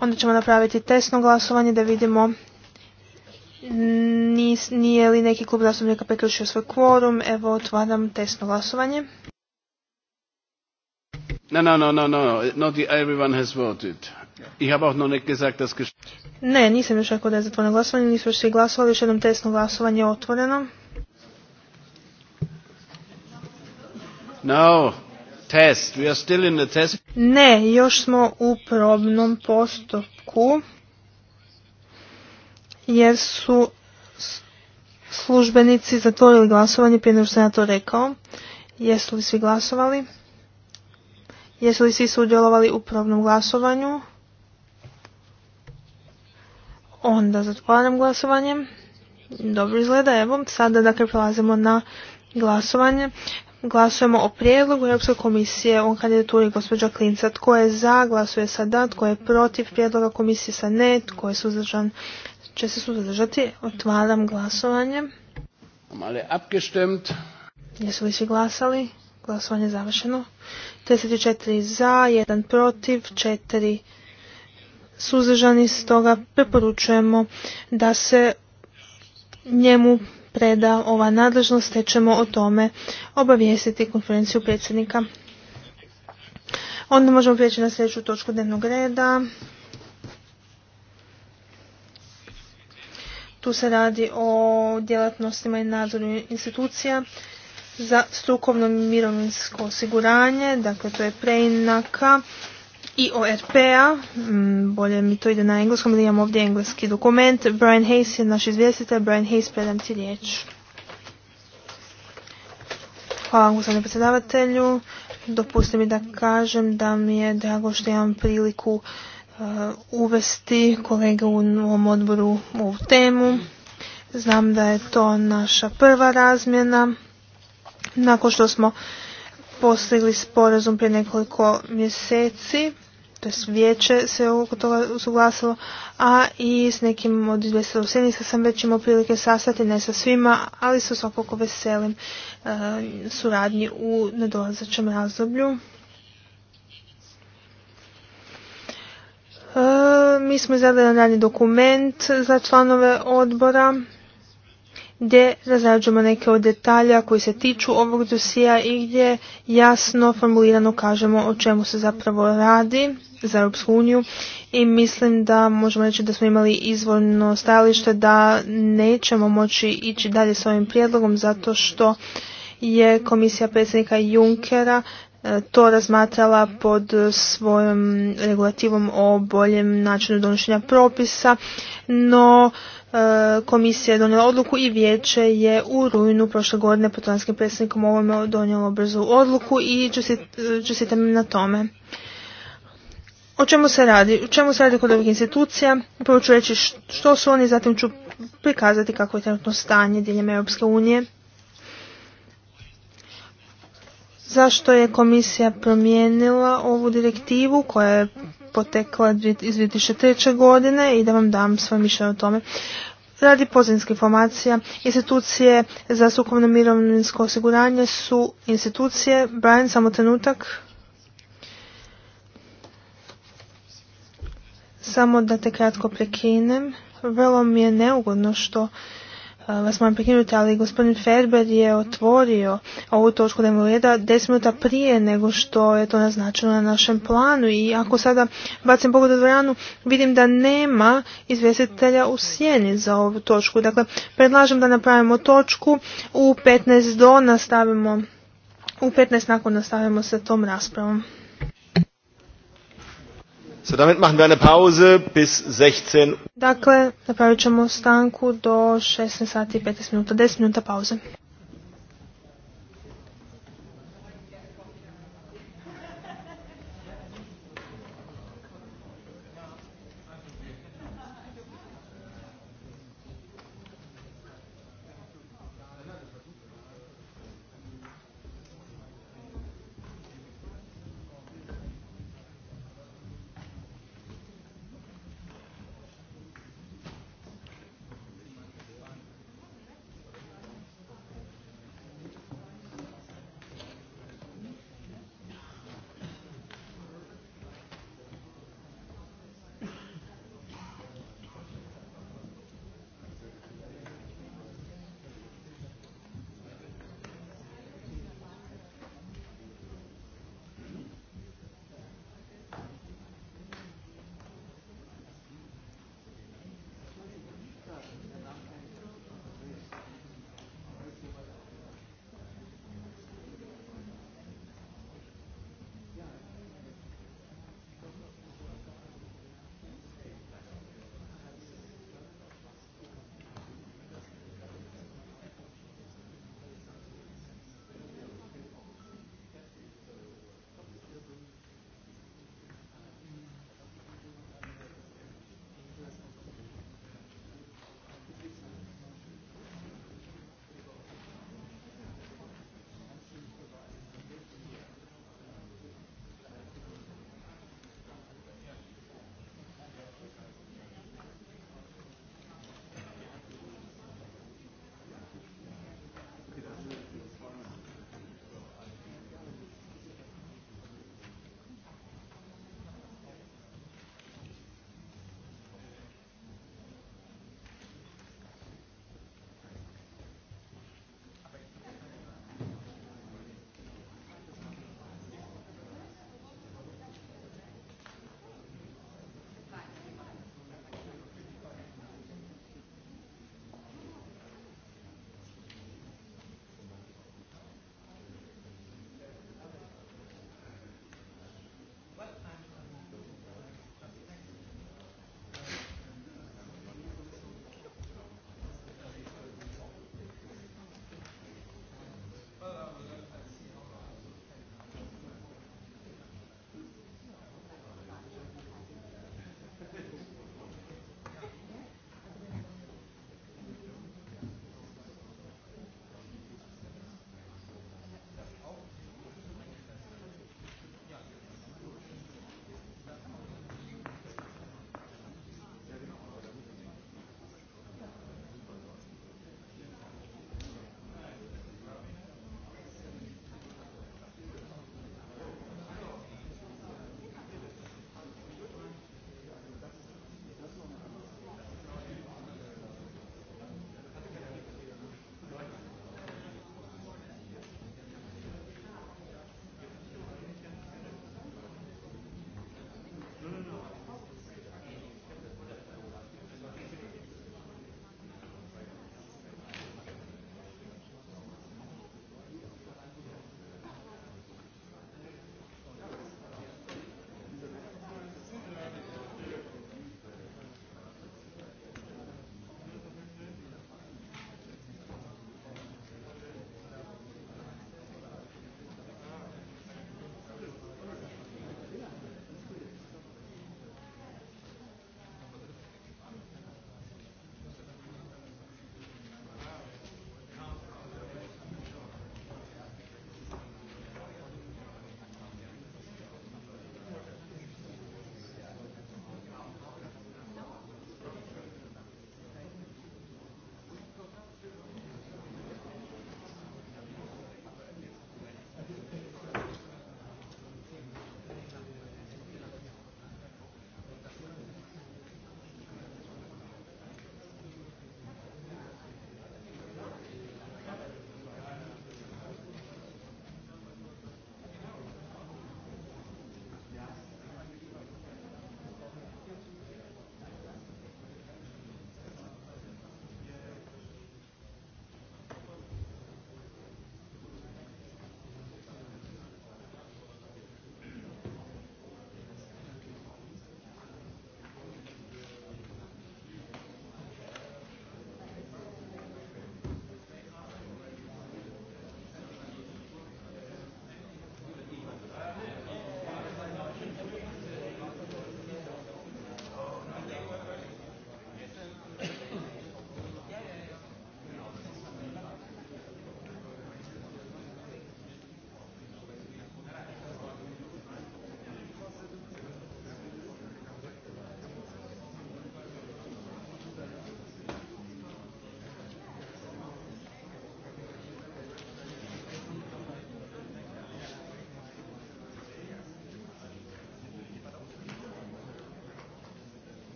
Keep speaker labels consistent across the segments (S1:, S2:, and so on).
S1: Onda ćemo napraviti tesno glasovanje da vidimo nije li neki klub zastupnika preključio svoj kvorum. Evo, otvaram tesno glasovanje.
S2: No, no, no, no, not everyone has voted. auch noch nicht gesagt,
S1: ne, nisam još rekao da je zatvoreno glasovanje, nisu još svi glasovali, još jednom tesno glasovanje otvoreno.
S2: No, test. We are still in the test.
S1: Ne, još smo u probnom postupku jer su službenici zatvorili glasovanje prije nego što sam ja to rekao. Jesu li svi glasovali? Jesu li svi sudjelovali u probnom glasovanju? Onda zatvaram glasovanje. Dobro izgleda, evo, sada dakle prelazimo na glasovanje Glasujemo o prijedlogu Europske komisije o kandidaturi gospođa Klinca. Tko je za, glasuje sa da, tko je protiv prijedloga komisije sa ne, tko je suzdržan, će se suzdržati. Otvaram glasovanje. Jesu li svi glasali? Glasovanje je završeno. 34 za, 1 protiv, 4 suzdržani, stoga preporučujemo da se njemu preda ova nadležnost, te ćemo o tome obavijestiti konferenciju predsjednika. Onda možemo prijeći na sljedeću točku dnevnog reda. Tu se radi o djelatnostima i nadzoru institucija za strukovno mirovinsko osiguranje, dakle to je preinaka IORP-a, mm, bolje mi to ide na engleskom, ali imam ovdje engleski dokument. Brian Hayes je naš izvjestitelj, Brian Hayes, predam ti riječ. Hvala vam, gospodine predsjedavatelju. Dopustite mi da kažem da mi je drago što imam priliku uh, uvesti kolega u ovom odboru u ovu temu. Znam da je to naša prva razmjena. Nakon što smo postigli sporazum prije nekoliko mjeseci vijeće se oko toga usuglasilo, a i s nekim od izvjestila u sam već imao prilike sastati, ne sa svima, ali su svakako veselim e, suradnji u nedolazećem razdoblju. E, mi smo izradili radni dokument za članove odbora gdje razrađujemo neke od detalja koji se tiču ovog dosija i gdje jasno formulirano kažemo o čemu se zapravo radi za Europsku uniju i mislim da možemo reći da smo imali izvorno stajalište da nećemo moći ići dalje s ovim prijedlogom zato što je komisija predsjednika Junckera to razmatrala pod svojom regulativom o boljem načinu donošenja propisa, no e, komisija je donijela odluku i vijeće je u rujnu prošle godine pod transkim predsjednikom ovome donijelo brzu odluku i čestitam na tome. O čemu se radi? O čemu se radi kod ovih institucija? Prvo ću reći što su oni, zatim ću prikazati kako je trenutno stanje diljem Europske unije zašto je komisija promijenila ovu direktivu koja je potekla iz 2003. godine i da vam dam svoje mišljenje o tome. Radi pozivnjskih informacija, institucije za sukovno mirovinsko osiguranje su institucije, Brian, samo trenutak, samo da te kratko prekinem, vrlo mi je neugodno što Eh, vas moram prekinuti, ali gospodin Ferber je otvorio ovu točku dnevnog reda 10 minuta prije nego što je to naznačeno na našem planu i ako sada bacim pogled u dvoranu vidim da nema izvjestitelja u sjeni za ovu točku. Dakle, predlažem da napravimo točku u 15 do nastavimo u 15 nakon nastavimo sa tom raspravom.
S2: So, damit machen wir eine Pause bis 16.
S1: Dakle, napravit ćemo stanku do 16 sati i 15 minuta, 10 minuta pauze.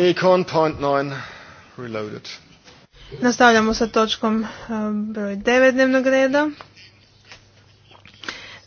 S2: Econ point 9 reloaded. Nastavljamo
S1: sa točkom eh, broj 9 dnevnog reda.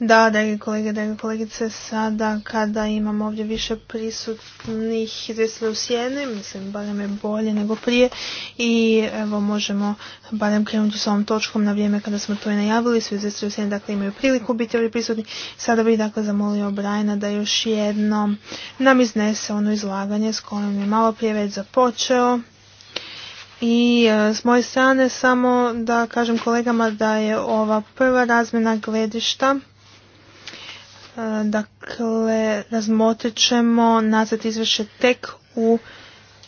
S1: Da, dragi kolege, dragi kolegice, sada kada imam ovdje više prisutnih izvjestila u sjene mislim barem je bolje nego prije i evo možemo barem krenuti s ovom točkom na vrijeme kada smo to i najavili, svi izvjestili u sjeni dakle imaju priliku biti ovdje prisutni. Sada bih dakle zamolio Brajna da još jednom nam iznese ono izlaganje s kojim je malo prije već započeo. I e, s moje strane samo da kažem kolegama da je ova prva razmjena gledišta E, dakle, razmotrit ćemo nazad izvješće tek u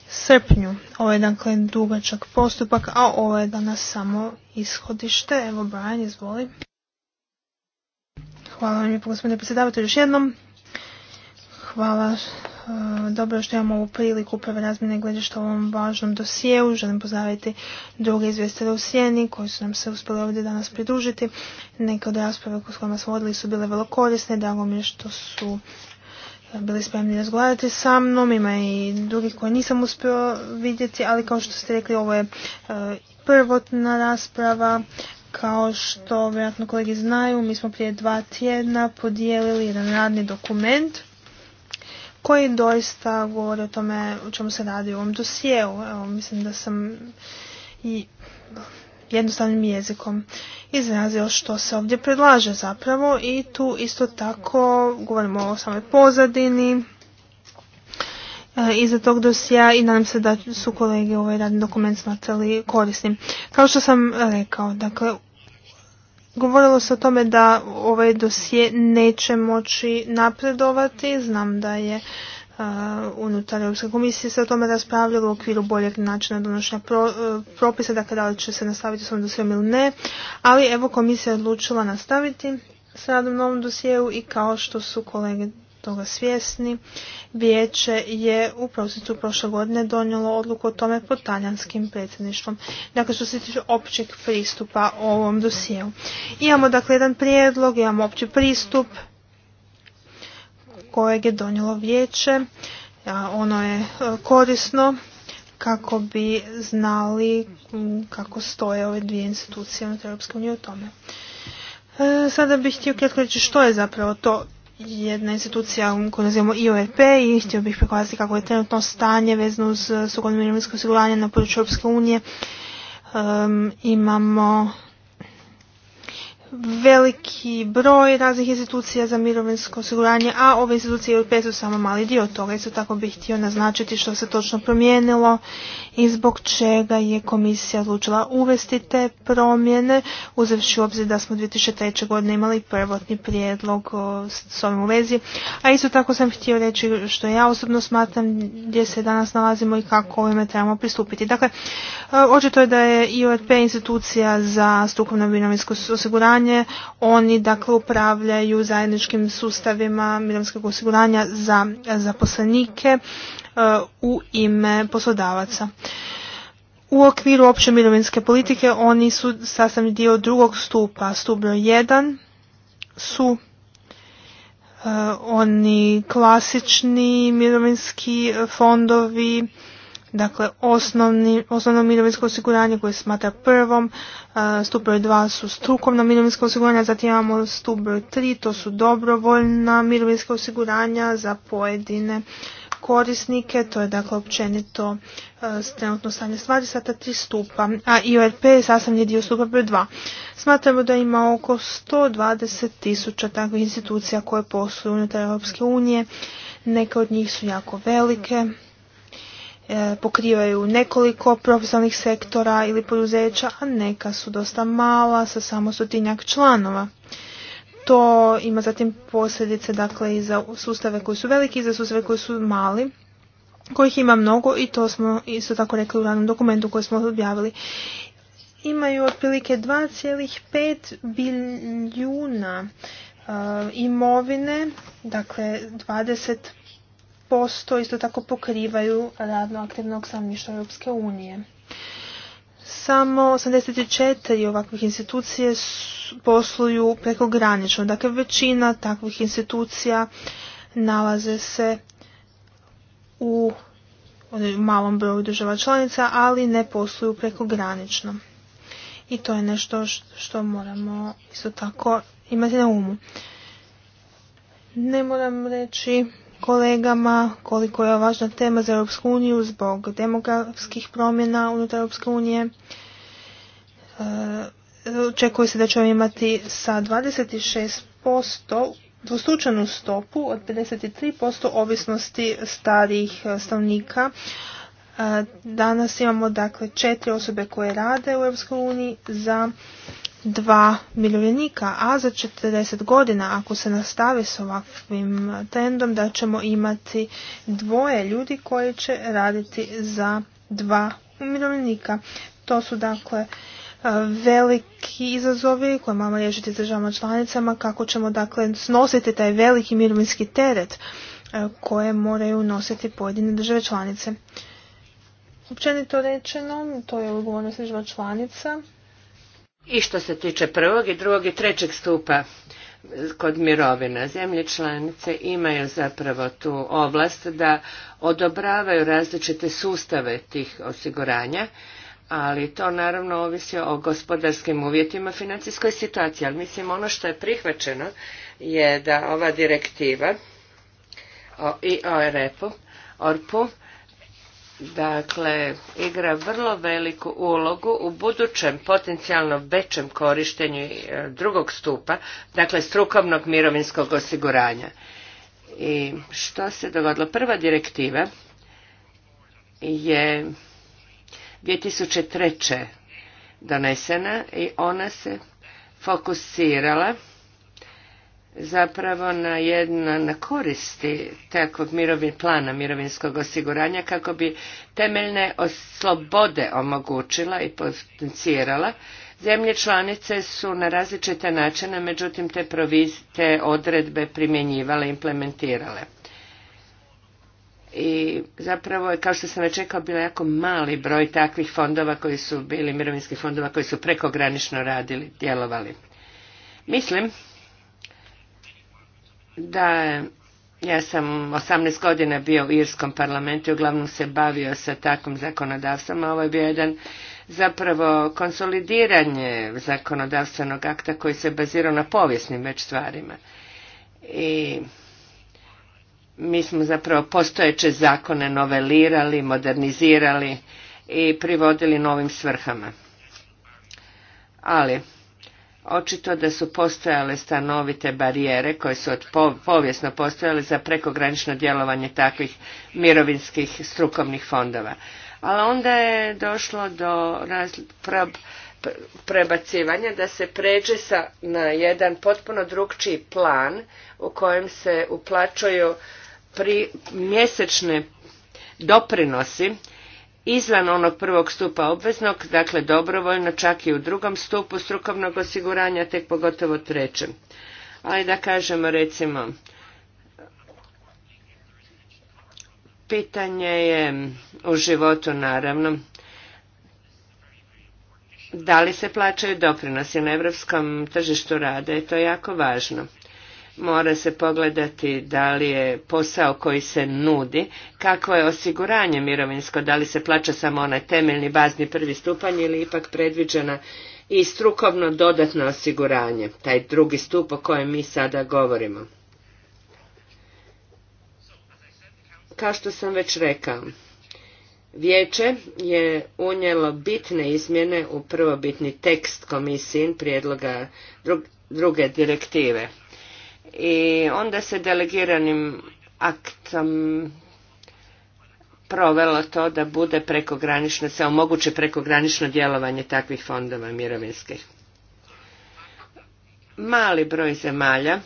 S1: srpnju. Ovo je dakle dugačak postupak, a ovo je danas samo ishodište. Evo Brian, izvoli. Hvala vam lijepo gospodine predsjedavatelju još jednom. Hvala dobro što imamo ovu priliku prve razmjene gledišta u ovom važnom dosijeu. Želim pozdraviti druge izvjestele u Sjeni koji su nam se uspjeli ovdje danas pridružiti. Neke od rasprave s kojima smo vodili su bile vrlo korisne. Drago mi je što su e, bili spremni razgovarati sa mnom. Ima i drugih koje nisam uspio vidjeti, ali kao što ste rekli ovo je e, prvotna rasprava. Kao što vjerojatno kolegi znaju, mi smo prije dva tjedna podijelili jedan radni dokument koji doista govori o tome o čemu se radi u ovom dosjeu. Evo, mislim da sam i jednostavnim jezikom izrazio što se ovdje predlaže zapravo i tu isto tako govorimo o samoj pozadini e, iza tog dosija i nadam se da su kolege ovaj radni dokument smatrali korisnim. Kao što sam rekao, dakle, Govorilo se o tome da ovaj dosje neće moći napredovati. Znam da je unutar Europske komisije se o tome raspravljalo u okviru boljeg načina donošenja pro, uh, propisa, dakle da li će se nastaviti s ovom dosijom ili ne. Ali evo komisija je odlučila nastaviti s radom na ovom i kao što su kolege toga svjesni, vijeće je u prosincu prošle godine donijelo odluku o tome pod talijanskim predsjedništvom. Dakle, što se tiče općeg pristupa ovom dosijelu. Imamo dakle jedan prijedlog, imamo opći pristup kojeg je donijelo vijeće. Ono je e, korisno kako bi znali kako stoje ove dvije institucije unutar Europske unije o tome. E, sada bih htio kratko reći što je zapravo to jedna institucija koju nazivamo IORP i htio bih prikazati kako je trenutno stanje vezano uz eh, sugodno mirovinsko osiguranje na području Europske unije. imamo veliki broj raznih institucija za mirovinsko osiguranje, a ove institucije IORP su samo mali dio toga. Isto tako bih htio naznačiti što se točno promijenilo i zbog čega je komisija odlučila uvesti te promjene, uzevši u obzir da smo 2003. godine imali prvotni prijedlog s ovim u vezi. A isto tako sam htio reći što ja osobno smatram gdje se danas nalazimo i kako ovime trebamo pristupiti. Dakle, e, očito je da je IORP institucija za strukovno mirovinsko osiguranje. Oni dakle upravljaju zajedničkim sustavima mirovinskog osiguranja za zaposlenike e, u ime poslodavaca. U okviru opće mirovinske politike oni su sastavni dio drugog stupa. Stup broj 1 su e, oni klasični mirovinski fondovi, dakle osnovno mirovinsko osiguranje koje smatra prvom, e, stup broj 2 su strukovno mirovinsko osiguranja, zatim imamo stup broj 3, to su dobrovoljna mirovinska osiguranja za pojedine korisnike, to je dakle općenito e, trenutno stanje stvari sa tri stupa, a IORP je sastavni dio stupa broj 2. Smatramo da ima oko 120 tisuća takvih institucija koje posluju unutar Europske unije, neke od njih su jako velike, e, pokrivaju nekoliko profesionalnih sektora ili poduzeća, a neka su dosta mala sa samo stotinjak članova. To ima zatim posljedice dakle i za sustave koji su veliki i za sustave koji su mali kojih ima mnogo i to smo isto tako rekli u radnom dokumentu koji smo objavili. Imaju otprilike 2,5 biljuna eh, imovine, dakle 20% isto tako pokrivaju radno aktivnog stanovništva Europske unije samo 84 ovakvih institucije posluju prekogranično. Dakle, većina takvih institucija nalaze se u malom broju država članica, ali ne posluju prekogranično. I to je nešto što moramo isto tako imati na umu. Ne moram reći kolegama koliko je važna tema za Europsku uniju zbog demografskih promjena unutar Europske unije. E, očekuje se da ćemo imati sa 26% dvostručenu stopu od 53% ovisnosti starijih e, stanovnika. E, danas imamo dakle četiri osobe koje rade u Europskoj uniji za dva miljenika, a za 40 godina ako se nastavi s ovakvim trendom da ćemo imati dvoje ljudi koji će raditi za dva umirovljenika. To su dakle veliki izazovi koje moramo riješiti s državama članicama, kako ćemo dakle snositi taj veliki mirovinski teret e, koje moraju nositi pojedine države članice. Općenito rečeno, to je odgovornost država članica
S3: i što se tiče prvog i drugog i trećeg stupa kod mirovina. Zemlje članice imaju zapravo tu ovlast da odobravaju različite sustave tih osiguranja, ali to naravno ovisi o gospodarskim uvjetima, financijskoj situaciji. Ali mislim ono što je prihvaćeno je da ova direktiva o IORP-u, dakle igra vrlo veliku ulogu u budućem potencijalno većem korištenju e, drugog stupa, dakle strukovnog mirovinskog osiguranja. I što se dogodilo? Prva direktiva je 2003. donesena i ona se fokusirala zapravo na jedna na koristi takvog mirovin, plana mirovinskog osiguranja kako bi temeljne slobode omogućila i potencirala. Zemlje članice su na različite načine, međutim te, proviz, te odredbe primjenjivale i implementirale. I zapravo je, kao što sam već rekao, bilo jako mali broj takvih fondova koji su bili, mirovinskih fondova koji su prekogranično radili, djelovali. Mislim da, ja sam 18 godina bio u Irskom parlamentu i uglavnom se bavio sa takvim zakonodavstvom, a ovo je bio jedan zapravo konsolidiranje zakonodavstvenog akta koji se bazirao na povijesnim već stvarima. I mi smo zapravo postojeće zakone novelirali, modernizirali i privodili novim svrhama. Ali, Očito da su postojale stanovite barijere koje su od povijesno postojale za prekogranično djelovanje takvih mirovinskih strukovnih fondova. Ali onda je došlo do prebacivanja da se pređe sa, na jedan potpuno drugčiji plan u kojem se uplaćuju pri mjesečne doprinosi izvan onog prvog stupa obveznog, dakle dobrovoljno čak i u drugom stupu strukovnog osiguranja, tek pogotovo trećem. Ali da kažemo recimo, pitanje je u životu naravno, da li se plaćaju doprinosi na europskom tržištu rada je to jako važno mora se pogledati da li je posao koji se nudi, kakvo je osiguranje mirovinsko, da li se plaća samo onaj temeljni bazni prvi stupanj ili ipak predviđena i strukovno dodatno osiguranje, taj drugi stup o kojem mi sada govorimo. Kao što sam već rekao, Vijeće je unijelo bitne izmjene u prvobitni tekst komisijin prijedloga druge direktive i onda se delegiranim aktom provelo to da bude prekogranično, se omoguće prekogranično djelovanje takvih fondova mirovinskih. Mali broj zemalja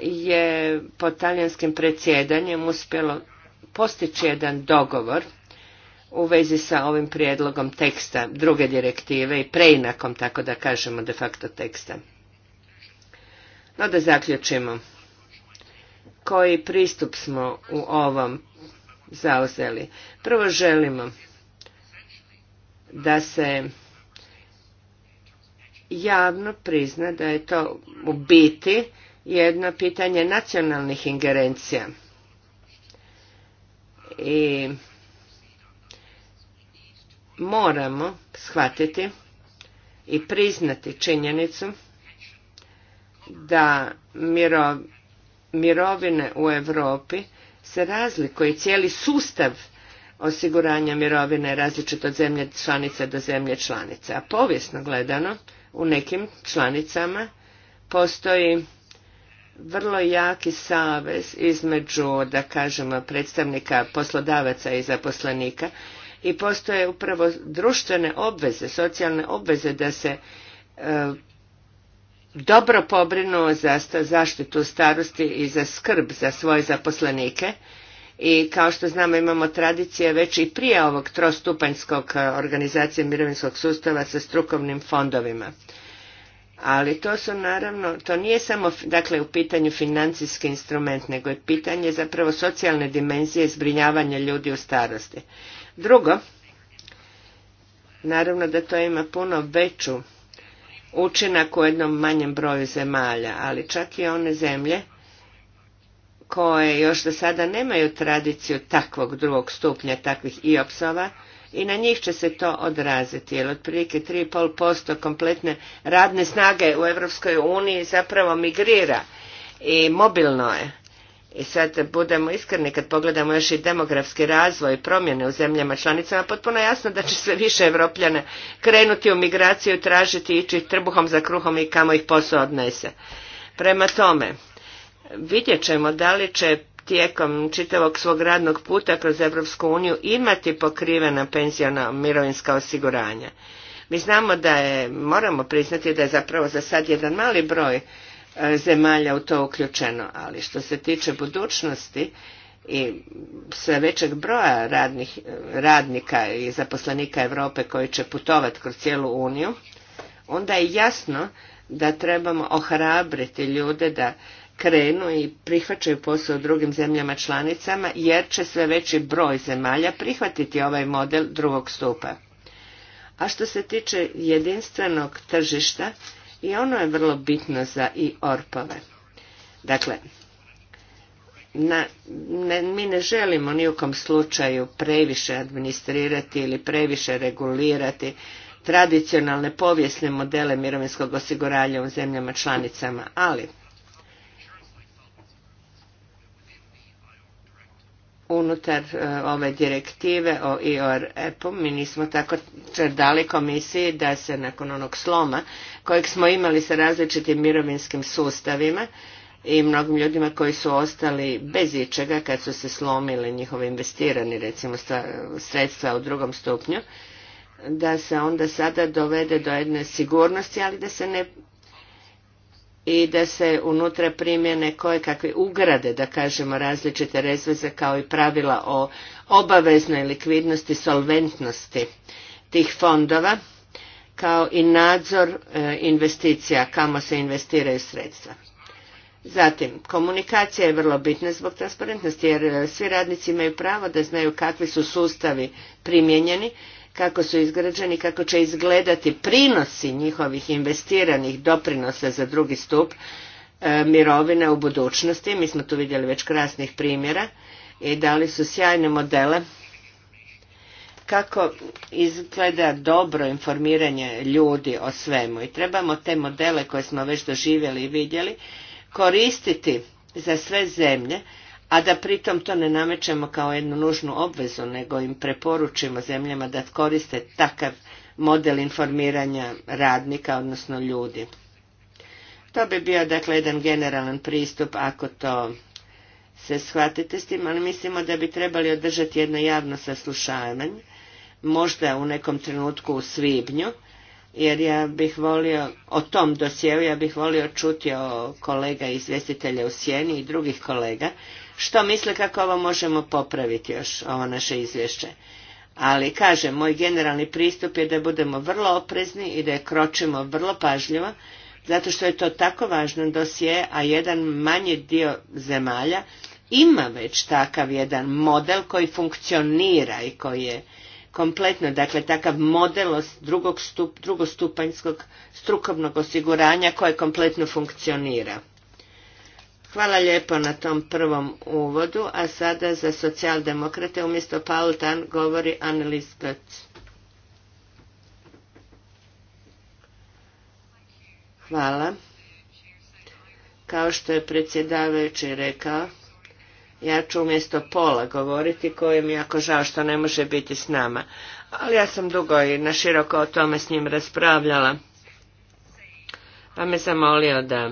S3: je pod talijanskim predsjedanjem uspjelo postići jedan dogovor u vezi sa ovim prijedlogom teksta druge direktive i preinakom, tako da kažemo de facto teksta. No da zaključimo. Koji pristup smo u ovom zauzeli? Prvo želimo da se javno prizna da je to u biti jedno pitanje nacionalnih ingerencija. I moramo shvatiti i priznati činjenicu da miro, mirovine u Europi se razlikuje cijeli sustav osiguranja mirovine različit od zemlje članice do zemlje članice. A povijesno gledano u nekim članicama postoji vrlo jaki savez između, da kažemo, predstavnika poslodavaca i zaposlenika i postoje upravo društvene obveze, socijalne obveze da se e, dobro pobrinuo za zaštitu starosti i za skrb za svoje zaposlenike i kao što znamo imamo tradicije već i prije ovog trostupanjskog e, organizacije mirovinskog sustava sa strukovnim fondovima. Ali to su naravno, to nije samo dakle u pitanju financijski instrument, nego je pitanje zapravo socijalne dimenzije zbrinjavanja ljudi u starosti. Drugo, naravno da to ima puno veću učinak u jednom manjem broju zemalja, ali čak i one zemlje koje još do sada nemaju tradiciju takvog drugog stupnja, takvih iopsova i na njih će se to odraziti, jer otprilike 3,5% kompletne radne snage u Europskoj uniji zapravo migrira i mobilno je. I sad budemo iskreni kad pogledamo još i demografski razvoj i promjene u zemljama članicama, potpuno jasno da će sve više evropljane krenuti u migraciju, tražiti, ići trbuhom za kruhom i kamo ih posao odnese. Prema tome, vidjet ćemo da li će tijekom čitavog svog radnog puta kroz Europsku uniju imati pokrivena penzijona mirovinska osiguranja. Mi znamo da je, moramo priznati da je zapravo za sad jedan mali broj E, zemalja u to uključeno, ali što se tiče budućnosti i sve većeg broja radnih, e, radnika i zaposlenika Europe koji će putovati kroz cijelu Uniju, onda je jasno da trebamo ohrabriti ljude da krenu i prihvaćaju posao u drugim zemljama članicama jer će sve veći broj zemalja prihvatiti ovaj model drugog stupa. A što se tiče jedinstvenog tržišta, i ono je vrlo bitno za i orpove. Dakle, na, mi ne želimo ni u kom slučaju previše administrirati ili previše regulirati tradicionalne povijesne modele mirovinskog osiguranja u zemljama članicama, ali unutar e, ove direktive o IOR-EPU e mi nismo tako dali komisiji da se nakon onog sloma kojeg smo imali sa različitim mirovinskim sustavima i mnogim ljudima koji su ostali bez ičega kad su se slomili njihovi investirani recimo sredstva u drugom stupnju da se onda sada dovede do jedne sigurnosti ali da se ne i da se unutra primjene koje kakve ugrade, da kažemo, različite rezveze kao i pravila o obaveznoj likvidnosti, solventnosti tih fondova, kao i nadzor e, investicija, kamo se investiraju sredstva. Zatim, komunikacija je vrlo bitna zbog transparentnosti, jer e, svi radnici imaju pravo da znaju kakvi su sustavi primjenjeni, kako su izgrađeni, kako će izgledati prinosi njihovih investiranih doprinosa za drugi stup e, mirovine u budućnosti. Mi smo tu vidjeli već krasnih primjera i dali su sjajne modele kako izgleda dobro informiranje ljudi o svemu i trebamo te modele koje smo već doživjeli i vidjeli koristiti za sve zemlje a da pritom to ne namećemo kao jednu nužnu obvezu, nego im preporučimo zemljama da koriste takav model informiranja radnika, odnosno ljudi. To bi bio dakle jedan generalan pristup ako to se shvatite s tim, ali mislimo da bi trebali održati jedno javno saslušavanje, možda u nekom trenutku u svibnju, jer ja bih volio, o tom dosjeu ja bih volio čuti o kolega izvjestitelja u Sjeni i drugih kolega, što misle kako ovo možemo popraviti još, ovo naše izvješće. Ali kažem, moj generalni pristup je da budemo vrlo oprezni i da je kročimo vrlo pažljivo, zato što je to tako važno dosje, a jedan manji dio zemalja ima već takav jedan model koji funkcionira i koji je kompletno, dakle takav model drugog drugostupanjskog strukovnog osiguranja koje kompletno funkcionira. Hvala lijepo na tom prvom uvodu, a sada za socijaldemokrate umjesto Paul Tan govori Annelies Götz. Hvala. Kao što je predsjedavajući rekao, ja ću umjesto Pola govoriti koji mi jako žao što ne može biti s nama. Ali ja sam dugo i naširoko o tome s njim raspravljala. Pa me zamolio da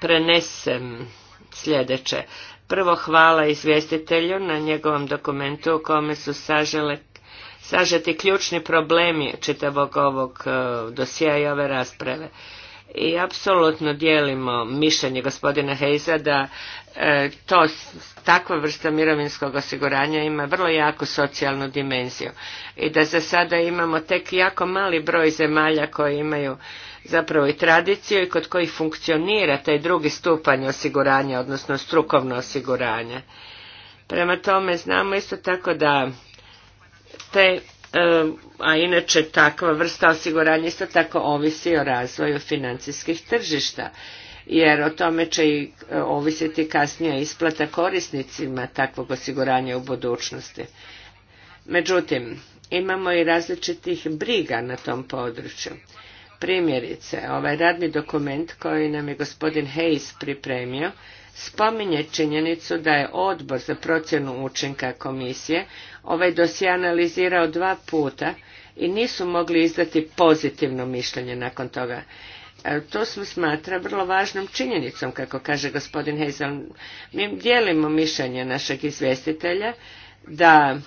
S3: prenesem sljedeće. Prvo hvala izvjestitelju na njegovom dokumentu u kome su sažele, sažeti ključni problemi čitavog ovog e, dosija i ove rasprave i apsolutno dijelimo mišljenje gospodina Hejza da e, to, takva vrsta mirovinskog osiguranja ima vrlo jaku socijalnu dimenziju i da za sada imamo tek jako mali broj zemalja koje imaju zapravo i tradiciju i kod kojih funkcionira taj drugi stupanj osiguranja, odnosno strukovno osiguranje. Prema tome znamo isto tako da te a inače takva vrsta osiguranja isto tako ovisi o razvoju financijskih tržišta jer o tome će i e, ovisiti kasnija isplata korisnicima takvog osiguranja u budućnosti. Međutim, imamo i različitih briga na tom području. Primjerice, ovaj radni dokument koji nam je gospodin Hayes pripremio spominje činjenicu da je odbor za procjenu učinka komisije ovaj dosje analizirao dva puta i nisu mogli izdati pozitivno mišljenje nakon toga. E, to smo smatra vrlo važnom činjenicom, kako kaže gospodin Hazel. Mi dijelimo mišljenje našeg izvjestitelja da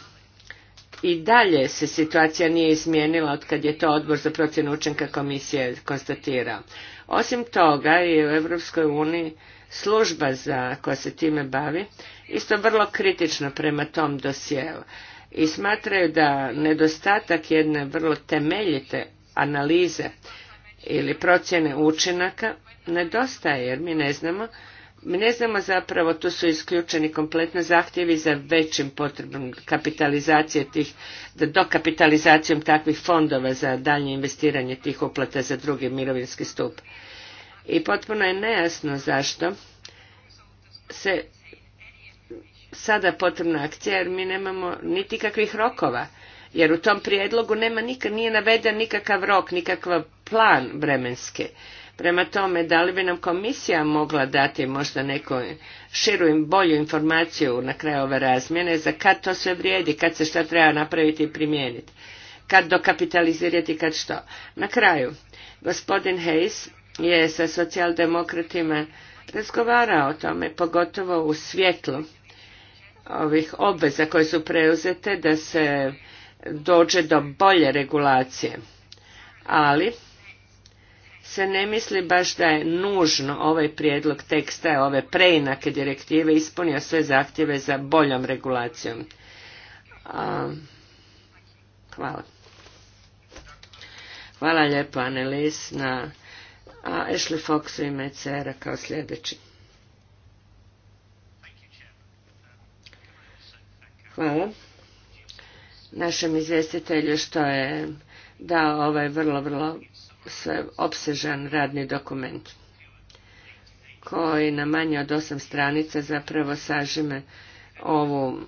S3: i dalje se situacija nije izmijenila od kad je to odbor za procjenu učinka komisije konstatirao. Osim toga i u Europskoj uniji služba za, koja se time bavi isto vrlo kritično prema tom dosjeu i smatraju da nedostatak jedne vrlo temeljite analize ili procjene učinaka nedostaje jer mi ne znamo mi ne znamo zapravo, tu su isključeni kompletno zahtjevi za većim potrebom kapitalizacije tih, dokapitalizacijom takvih fondova za daljnje investiranje tih uplata za drugi mirovinski stup i potpuno je nejasno zašto se sada potrebna akcija jer mi nemamo niti kakvih rokova jer u tom prijedlogu nema nije naveden nikakav rok, nikakav plan vremenski. Prema tome, da li bi nam komisija mogla dati možda neku širu i bolju informaciju na kraju ove razmjene za kad to sve vrijedi, kad se što treba napraviti i primijeniti, kad dokapitalizirati, kad što. Na kraju, gospodin Hayes je sa socijaldemokratima razgovarao o tome, pogotovo u svjetlu ovih obveza koje su preuzete da se dođe do bolje regulacije. Ali se ne misli baš da je nužno ovaj prijedlog teksta, ove preinake direktive ispunio sve zahtjeve za boljom regulacijom. hvala. Hvala lijepo Annelies, na a Ashley Fox u ime CR-a kao sljedeći. Hvala našem izvjestitelju što je dao ovaj vrlo, vrlo opsežan radni dokument koji na manje od osam stranica zapravo sažime ovu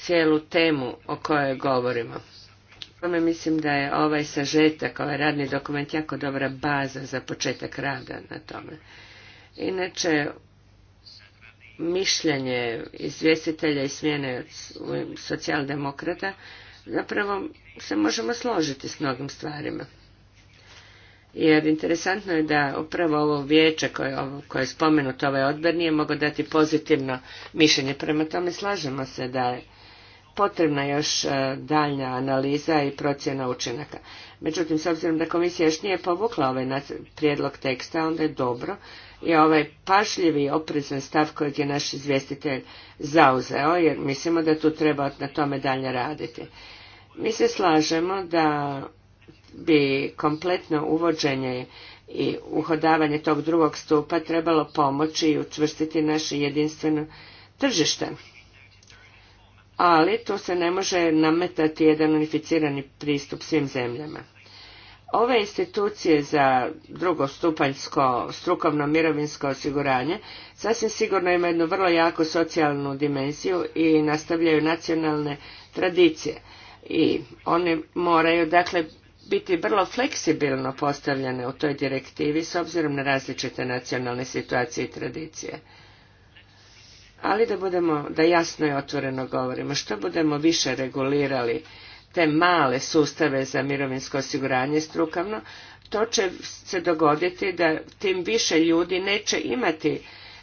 S3: cijelu temu o kojoj govorimo. Tome mislim da je ovaj sažetak, ovaj radni dokument jako dobra baza za početak rada na tome. Inače, mišljenje izvjestitelja i smjene socijaldemokrata zapravo se možemo složiti s mnogim stvarima. Jer interesantno je da upravo ovo vijeće koje, koje je spomenuto ovaj odbor nije mogao dati pozitivno mišljenje. Prema tome slažemo se da je potrebna još e, daljnja analiza i procjena učinaka. Međutim, s obzirom da komisija još nije povukla ovaj prijedlog teksta, onda je dobro i ovaj pašljivi i oprezan stav kojeg je naš izvjestitelj zauzeo, jer mislimo da tu treba na tome dalje raditi. Mi se slažemo da bi kompletno uvođenje i uhodavanje tog drugog stupa trebalo pomoći i učvrstiti naše jedinstveno tržište ali tu se ne može nametati jedan unificirani pristup svim zemljama. Ove institucije za drugostupanjsko strukovno mirovinsko osiguranje sasvim sigurno imaju jednu vrlo jako socijalnu dimenziju i nastavljaju nacionalne tradicije. I one moraju dakle biti vrlo fleksibilno postavljene u toj direktivi s obzirom na različite nacionalne situacije i tradicije ali da budemo, da jasno i otvoreno govorimo, što budemo više regulirali te male sustave za mirovinsko osiguranje strukavno, to će se dogoditi da tim više ljudi neće imati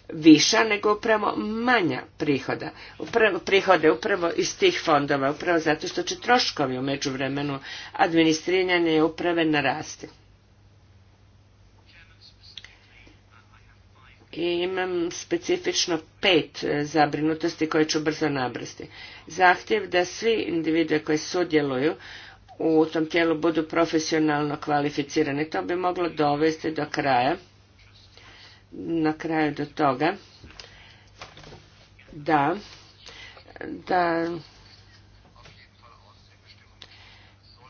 S3: viša, nego upravo manja prihoda. Upravo, prihode upravo iz tih fondova, upravo zato što će troškovi u međuvremenu administriranja i uprave narasti. i imam specifično pet e, zabrinutosti koje ću brzo nabrsti. Zahtjev da svi individue koji sudjeluju u tom tijelu budu profesionalno kvalificirani. To bi moglo dovesti do kraja, na kraju do toga, da, da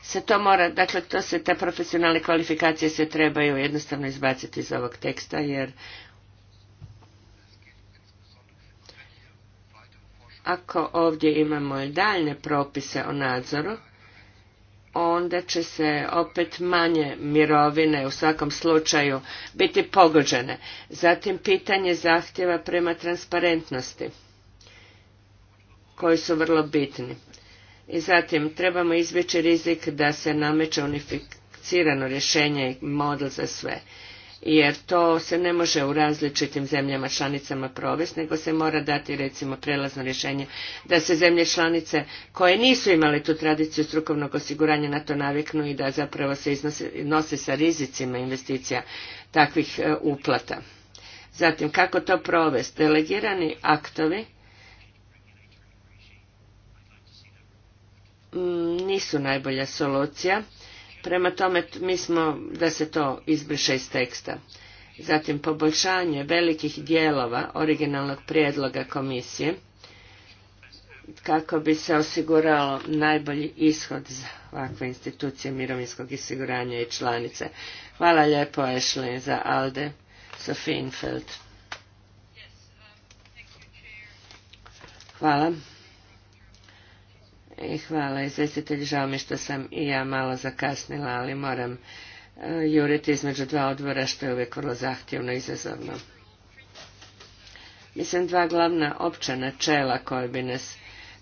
S3: se to mora, dakle, to se, te profesionalne kvalifikacije se trebaju jednostavno izbaciti iz ovog teksta, jer Ako ovdje imamo i daljne propise o nadzoru, onda će se opet manje mirovine u svakom slučaju biti pogođene. Zatim pitanje zahtjeva prema transparentnosti koji su vrlo bitni. I zatim trebamo izbjeći rizik da se nameće unificirano rješenje i model za sve jer to se ne može u različitim zemljama članicama provesti, nego se mora dati recimo prelazno rješenje da se zemlje članice koje nisu imale tu tradiciju strukovnog osiguranja na to naviknu i da zapravo se iznose, nose sa rizicima investicija takvih e, uplata. Zatim, kako to provesti? Delegirani aktovi mm, nisu najbolja solucija Prema tome, mi smo da se to izbriše iz teksta. Zatim poboljšanje velikih dijelova originalnog prijedloga komisije kako bi se osiguralo najbolji ishod za ovakve institucije mirovinskog osiguranja i članice. Hvala lijepo Ashley za Alde Sofienfeld. Hvala. I e, hvala izvjestitelj, žao mi što sam i ja malo zakasnila, ali moram e, juriti između dva odvora što je uvijek vrlo zahtjevno i izazovno. Mislim dva glavna opća načela koje bi nas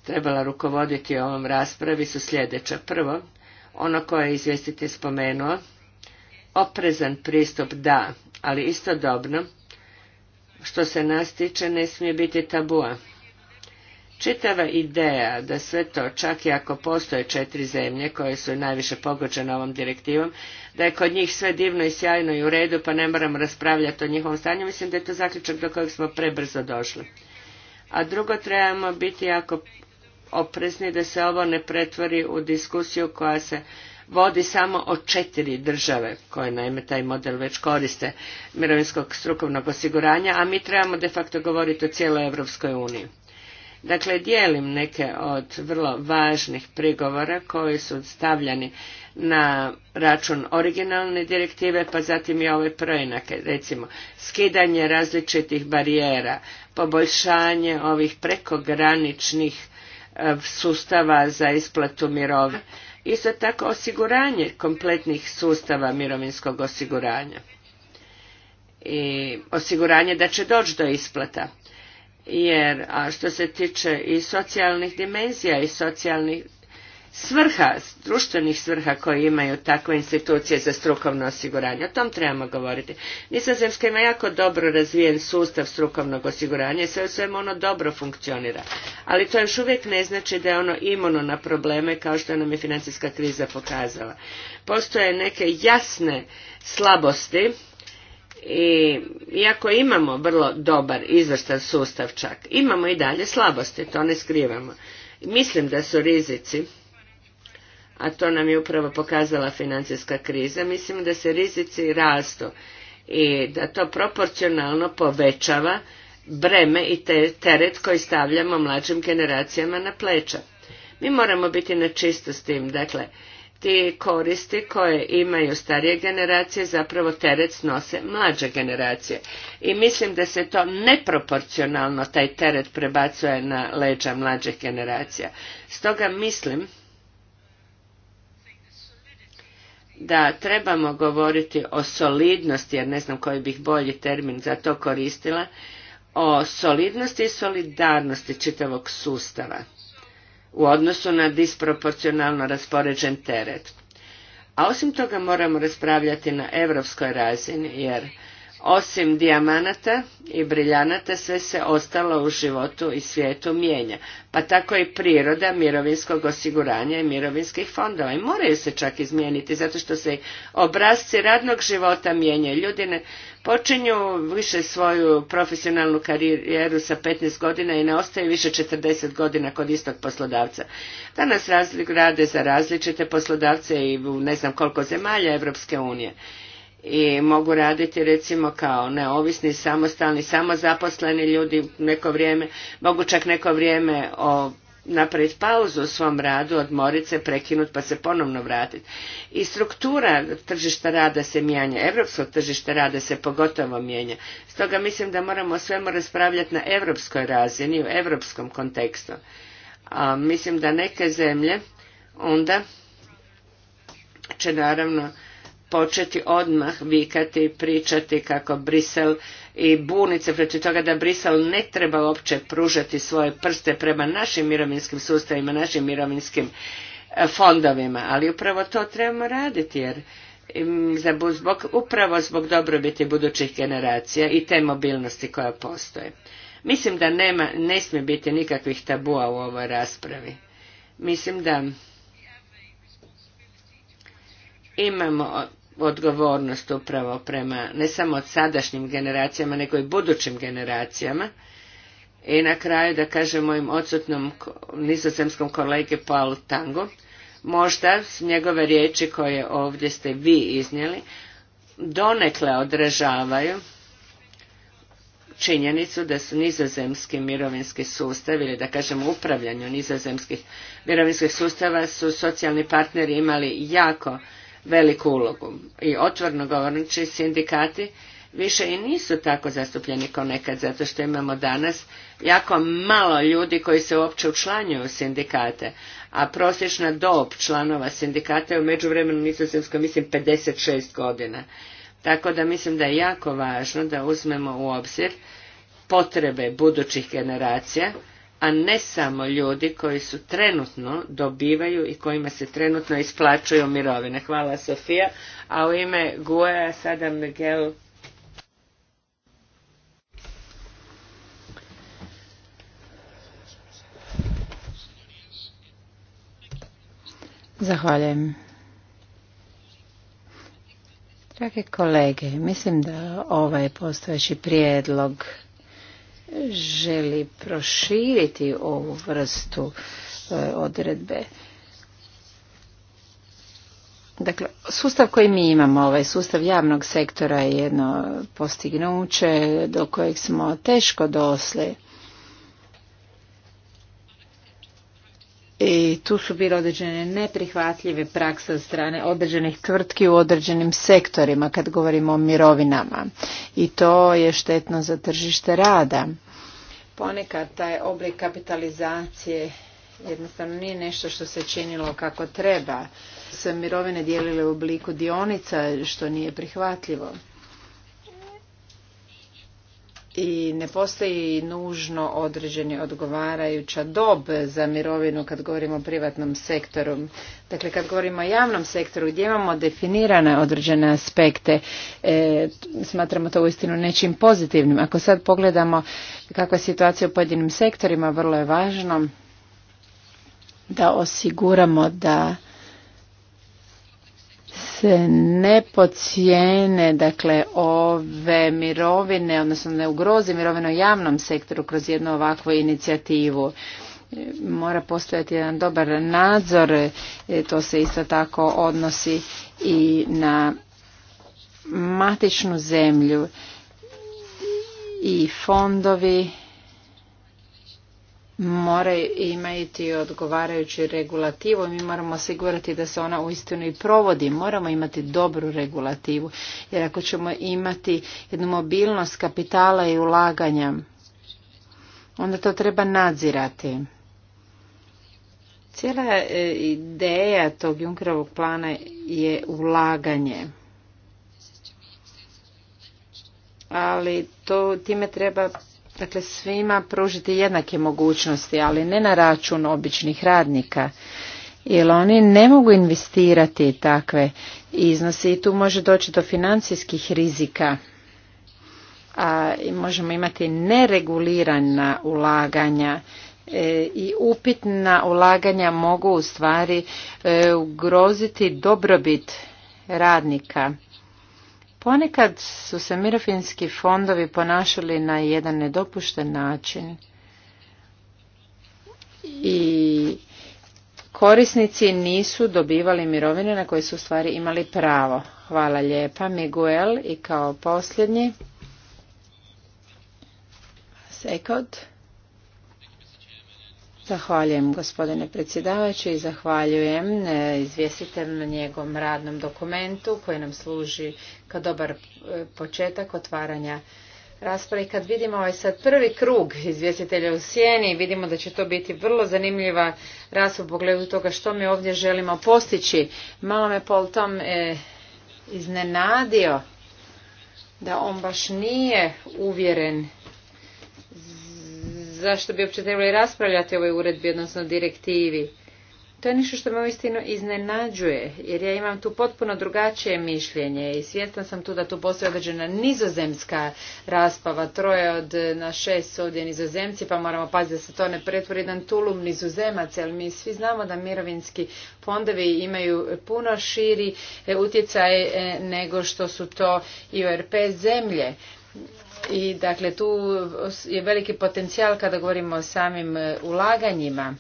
S3: trebala rukovoditi u ovom raspravi su sljedeća. Prvo, ono koje je izvjestitelj spomenuo, oprezan pristup da, ali istodobno, što se nas tiče ne smije biti tabua Čitava ideja da sve to, čak i ako postoje četiri zemlje koje su najviše pogođene ovom direktivom, da je kod njih sve divno i sjajno i u redu pa ne moramo raspravljati o njihovom stanju, mislim da je to zaključak do kojeg smo prebrzo došli. A drugo, trebamo biti jako oprezni da se ovo ne pretvori u diskusiju koja se vodi samo o četiri države koje naime taj model već koriste mirovinskog strukovnog osiguranja, a mi trebamo de facto govoriti o cijeloj Europskoj uniji. Dakle, dijelim neke od vrlo važnih prigovora koji su stavljani na račun originalne direktive, pa zatim i ove projenake, recimo skidanje različitih barijera, poboljšanje ovih prekograničnih e, sustava za isplatu mirovine. Isto tako osiguranje kompletnih sustava mirovinskog osiguranja i osiguranje da će doći do isplata jer a što se tiče i socijalnih dimenzija i socijalnih svrha, društvenih svrha koje imaju takve institucije za strukovno osiguranje. O tom trebamo govoriti. Nizozemska ima jako dobro razvijen sustav strukovnog osiguranja i sve u svemu ono dobro funkcionira. Ali to još uvijek ne znači da je ono imuno na probleme kao što nam je financijska kriza pokazala. Postoje neke jasne slabosti i, iako imamo vrlo dobar izvrstan sustav čak, imamo i dalje slabosti, to ne skrivamo. Mislim da su rizici, a to nam je upravo pokazala financijska kriza, mislim da se rizici rastu i da to proporcionalno povećava breme i teret koji stavljamo mlađim generacijama na pleća. Mi moramo biti na čisto s tim, dakle, ti koristi koje imaju starije generacije zapravo teret snose mlađe generacije. I mislim da se to neproporcionalno taj teret prebacuje na leđa mlađih generacija. Stoga mislim da trebamo govoriti o solidnosti, jer ne znam koji bih bolji termin za to koristila, o solidnosti i solidarnosti čitavog sustava u odnosu na disproporcionalno raspoređen teret. A osim toga moramo raspravljati na europskoj razini jer osim dijamanata i briljanata sve se ostalo u životu i svijetu mijenja, pa tako i priroda mirovinskog osiguranja i mirovinskih fondova. I moraju se čak izmijeniti zato što se obrazci radnog života mijenjaju. Ljudi ne počinju više svoju profesionalnu karijeru sa 15 godina i ne ostaju više 40 godina kod istog poslodavca. Danas rade za različite poslodavce i u ne znam koliko zemalja Evropske unije i mogu raditi recimo kao neovisni, samostalni, samozaposleni ljudi neko vrijeme, mogu čak neko vrijeme o, napraviti pauzu u svom radu, odmoriti se, prekinut pa se ponovno vratiti. I struktura tržišta rada se mijenja, evropsko tržište rada se pogotovo mijenja. Stoga mislim da moramo o svemu raspravljati na evropskoj razini, u evropskom kontekstu. A, mislim da neke zemlje onda će naravno početi odmah vikati, pričati kako Brisel i bunice protiv toga da Brisel ne treba uopće pružati svoje prste prema našim mirovinskim sustavima, našim mirovinskim e, fondovima, ali upravo to trebamo raditi jer zbog, upravo zbog dobrobiti budućih generacija i te mobilnosti koja postoje. Mislim da nema, ne smije biti nikakvih tabua u ovoj raspravi. Mislim da imamo odgovornost upravo prema ne samo sadašnjim generacijama nego i budućim generacijama i na kraju da kažem mojim odsutnom nizozemskom kolegi Paul Tangu možda s njegove riječi koje ovdje ste vi iznijeli donekle odražavaju činjenicu da su nizozemski mirovinski sustav ili da kažem upravljanju nizozemskih mirovinskih sustava su socijalni partneri imali jako veliku ulogu. I otvorno govoreći sindikati više i nisu tako zastupljeni kao nekad zato što imamo danas jako malo ljudi koji se uopće učlanjuju u sindikate, a prosječna dob članova sindikata je u međuvremenu nizozemskoj mislim 56 godina. Tako da mislim da je jako važno da uzmemo u obzir potrebe budućih generacija a ne samo ljudi koji su trenutno dobivaju i kojima se trenutno isplaćuju mirovine. Hvala Sofija, a u ime Guaja sada Miguel
S4: Zahvaljujem. Drage kolege, mislim da ovaj postojeći prijedlog želi proširiti ovu vrstu e, odredbe. Dakle, sustav koji mi imamo, ovaj sustav javnog sektora je jedno postignuće do kojeg smo teško dosli. i tu su bile određene neprihvatljive prakse od strane određenih tvrtki u određenim sektorima kad govorimo o mirovinama i to je štetno za tržište rada. Ponekad taj oblik kapitalizacije jednostavno nije nešto što se činilo kako treba. Se mirovine dijelile u obliku dionica što nije prihvatljivo i ne postoji nužno određeni odgovarajuća dob za mirovinu kad govorimo o privatnom sektoru. Dakle, kad govorimo o javnom sektoru gdje imamo definirane određene aspekte, e, smatramo to uistinu nečim pozitivnim. Ako sad pogledamo kakva je situacija u pojedinim sektorima, vrlo je važno da osiguramo da se ne pocijene dakle ove mirovine, odnosno ne ugrozi mirovino javnom sektoru kroz jednu ovakvu inicijativu. Mora postojati jedan dobar nadzor, e, to se isto tako odnosi i na matičnu zemlju i fondovi moraju imati odgovarajuću regulativu. Mi moramo osigurati da se ona uistinu i provodi. Moramo imati dobru regulativu. Jer ako ćemo imati jednu mobilnost kapitala i ulaganja, onda to treba nadzirati. Cijela e, ideja tog Junkerovog plana je ulaganje. Ali to time treba dakle svima pružiti jednake mogućnosti, ali ne na račun običnih radnika. Jer oni ne mogu investirati takve iznose i tu može doći do financijskih rizika. A, i možemo imati neregulirana ulaganja e, i upitna ulaganja mogu u stvari e, ugroziti dobrobit radnika Ponekad su se mirovinski fondovi ponašali na jedan nedopušten način i korisnici nisu dobivali mirovine na koje su stvari imali pravo. Hvala lijepa, Miguel i kao posljednji. Sekod. Zahvaljujem gospodine predsjedavajući i zahvaljujem e, na njegovom radnom dokumentu koji nam služi kao dobar e, početak otvaranja rasprave. Kad vidimo ovaj sad prvi krug izvjestitelja u sjeni, vidimo da će to biti vrlo zanimljiva rasprava u pogledu toga što mi ovdje želimo postići. Malo me Paul Tom e, iznenadio da on baš nije uvjeren zašto bi uopće trebali raspravljati o ovoj uredbi, odnosno direktivi. To je nešto što me uistinu iznenađuje, jer ja imam tu potpuno drugačije mišljenje i svjestan sam tu da tu postoji određena nizozemska raspava, troje od na šest ovdje nizozemci, pa moramo paziti da se to ne pretvori jedan tulum nizozemac, jer mi svi znamo da mirovinski fondovi imaju puno širi e, utjecaj e, nego što su to IORP zemlje. I dakle tu je veliki potencijal kada govorimo o samim e, ulaganjima.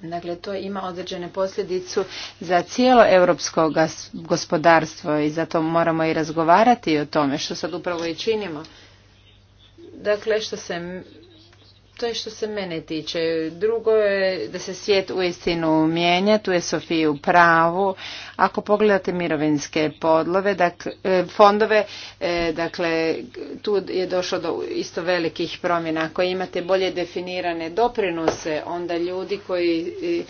S4: Dakle, to ima određene posljedicu za cijelo europsko gospodarstvo i zato moramo i razgovarati o tome što sad upravo i činimo. Dakle, što se to je što se mene tiče. Drugo je da se svijet u istinu mijenja, tu je Sofija u pravu. Ako pogledate mirovinske podlove, e, fondove, e, dakle, tu je došlo do isto velikih promjena. Ako imate bolje definirane doprinose, onda ljudi koji e,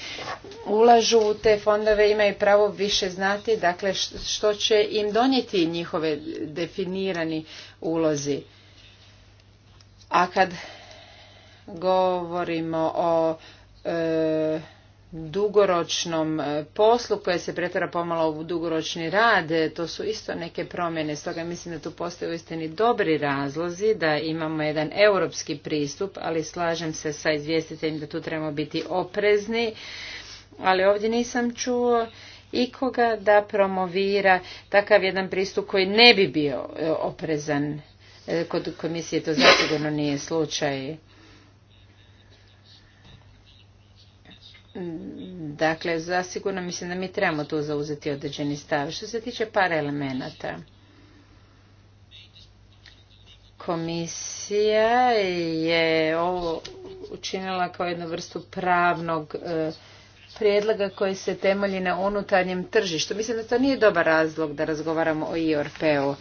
S4: ulažu u te fondove imaju pravo više znati, dakle, što će im donijeti njihove definirani ulozi. A kad govorimo o e, dugoročnom e, poslu koje se pretvara pomalo u dugoročni rad, e, to su isto neke promjene, stoga mislim da tu postoje uistini dobri razlozi da imamo jedan europski pristup, ali slažem se sa izvjestiteljem da tu trebamo biti oprezni, ali ovdje nisam čuo ikoga da promovira takav jedan pristup koji ne bi bio oprezan. Kod komisije to zasigurno nije slučaj. Mm, dakle, zasigurno mislim da mi trebamo tu zauzeti određeni stav. Što se tiče par elemenata, komisija je ovo učinila kao jednu vrstu pravnog e, prijedloga koji se temelji na unutarnjem tržištu. Mislim da to nije dobar razlog da razgovaramo o IORP-u.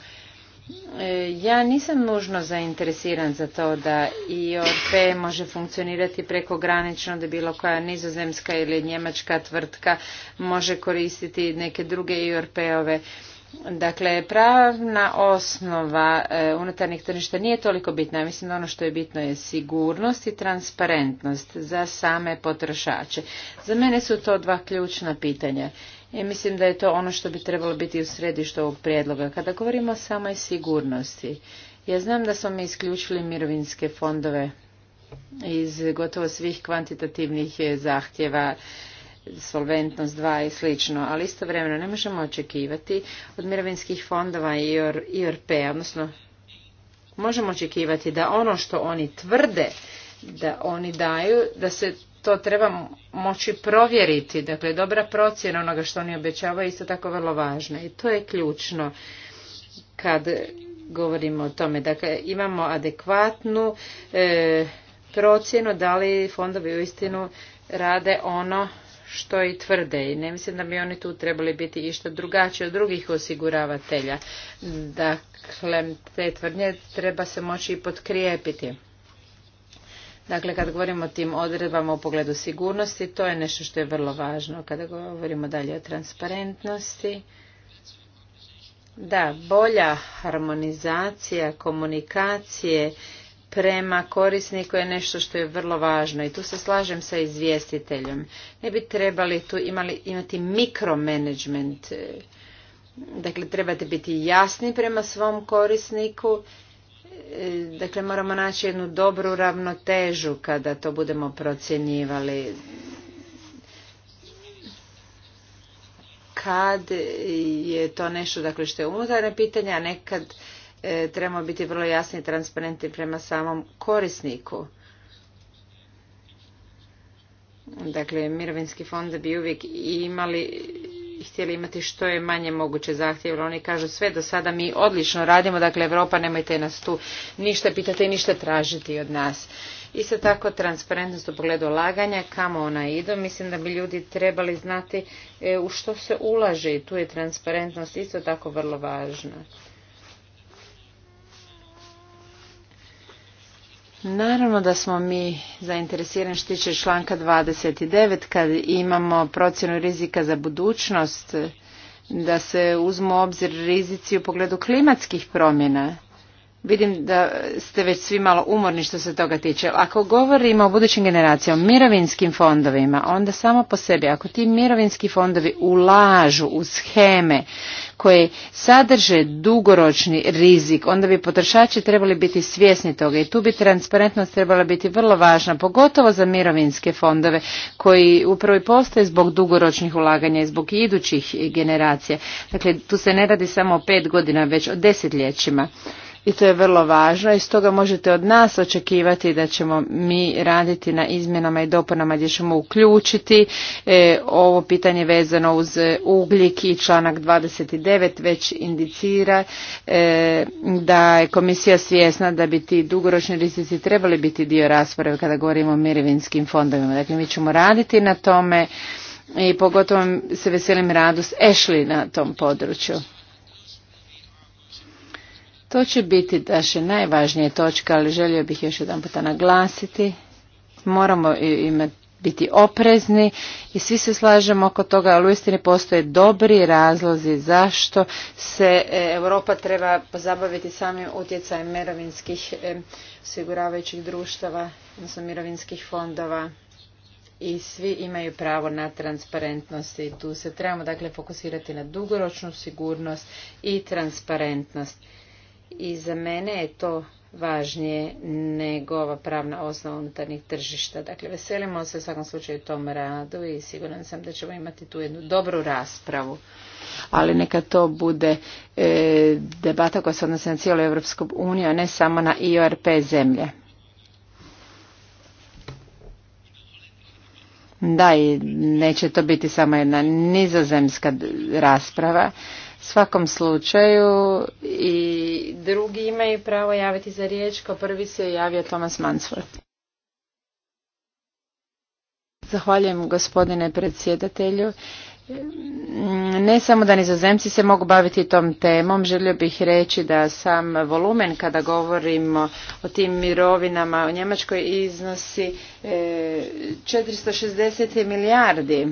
S4: E, ja nisam nužno zainteresiran za to da IORP može funkcionirati prekogranično, da bilo koja nizozemska ili njemačka tvrtka može koristiti neke druge iorp ove Dakle, pravna osnova e, unutarnjeg tržišta nije toliko bitna. Ja mislim da ono što je bitno je sigurnost i transparentnost za same potrošače. Za mene su to dva ključna pitanja. I mislim da je to ono što bi trebalo biti u središtu ovog prijedloga. Kada govorimo o samoj sigurnosti, ja znam da smo mi isključili mirovinske fondove iz gotovo svih kvantitativnih zahtjeva, solventnost 2 i slično, ali istovremeno ne možemo očekivati od mirovinskih fondova i IRP, odnosno možemo očekivati da ono što oni tvrde da oni daju, da se to treba moći provjeriti. Dakle, dobra procjena onoga što oni obećavaju je isto tako vrlo važna i to je ključno kad govorimo o tome. Dakle, imamo adekvatnu e, procjenu da li fondovi uistinu rade ono što i tvrde i ne mislim da bi oni tu trebali biti išta drugačiji od drugih osiguravatelja. Dakle, te tvrdnje treba se moći i potkrijepiti. Dakle, kad govorimo o tim odredbama u pogledu sigurnosti, to je nešto što je vrlo važno. Kada govorimo dalje o transparentnosti, da, bolja harmonizacija, komunikacije prema korisniku je nešto što je vrlo važno i tu se slažem sa izvjestiteljem. Ne bi trebali tu imali, imati mikromanagement, dakle trebate biti jasni prema svom korisniku E, dakle, moramo naći jednu dobru ravnotežu kada to budemo procjenjivali. Kad je to nešto dakle, što je unutarnje pitanje, a nekad e, trebamo biti vrlo jasni i transparentni prema samom korisniku. Dakle, mirovinski fond bi uvijek imali htjeli imati što je manje moguće zahtjeva. Oni kažu sve do sada mi odlično radimo, dakle Europa nemojte nas tu ništa pitati i ništa tražiti od nas. Isto tako transparentnost u pogledu ulaganja, kamo ona ide, mislim da bi ljudi trebali znati e, u što se ulaže i tu je transparentnost isto tako vrlo važna. Naravno da smo mi zainteresirani što tiče članka 29 kad imamo procjenu rizika za budućnost da se uzmu obzir rizici u pogledu klimatskih promjena. Vidim da ste već svi malo umorni što se toga tiče. Ako govorimo o budućim generacijama, mirovinskim fondovima, onda samo po sebi, ako ti mirovinski fondovi ulažu u scheme koje sadrže dugoročni rizik, onda bi potrošači trebali biti svjesni toga i tu bi transparentnost trebala biti vrlo važna, pogotovo za mirovinske fondove koji upravo i postoje zbog dugoročnih ulaganja i zbog idućih generacija. Dakle, tu se ne radi samo o pet godina, već o desetljećima i to je vrlo važno i stoga možete od nas očekivati da ćemo mi raditi na izmjenama i dopunama gdje ćemo uključiti e, ovo pitanje vezano uz ugljik i članak 29 već indicira e, da je komisija svjesna da bi ti dugoročni rizici trebali biti dio rasprave kada govorimo o mirovinskim fondovima. Dakle, mi ćemo raditi na tome i pogotovo se veselim radu s na tom području. To će biti naše najvažnije točka, ali želio bih još jedan puta naglasiti. Moramo imati biti oprezni i svi se slažemo oko toga, ali istini postoje dobri razlozi zašto se e, Europa treba pozabaviti samim utjecajem mirovinskih e, osiguravajućih društava, odnosno mirovinskih fondova i svi imaju pravo na transparentnost i tu se trebamo dakle fokusirati na dugoročnu sigurnost i transparentnost i za mene je to važnije nego ova pravna osnova unutarnjih tržišta. Dakle, veselimo se u svakom slučaju tom radu i siguran sam da ćemo imati tu jednu dobru raspravu. Ali neka to bude e, debata koja se odnosi na cijelu Europsku uniju, a ne samo na IORP zemlje. Da, i neće to biti samo jedna nizozemska rasprava svakom slučaju i drugi imaju pravo javiti za riječ, kao prvi se javio Thomas Mansford. Zahvaljujem gospodine predsjedatelju. Ne samo da nizozemci se mogu baviti tom temom, želio bih reći da sam volumen kada govorimo o tim mirovinama u Njemačkoj iznosi eh, 460 milijardi.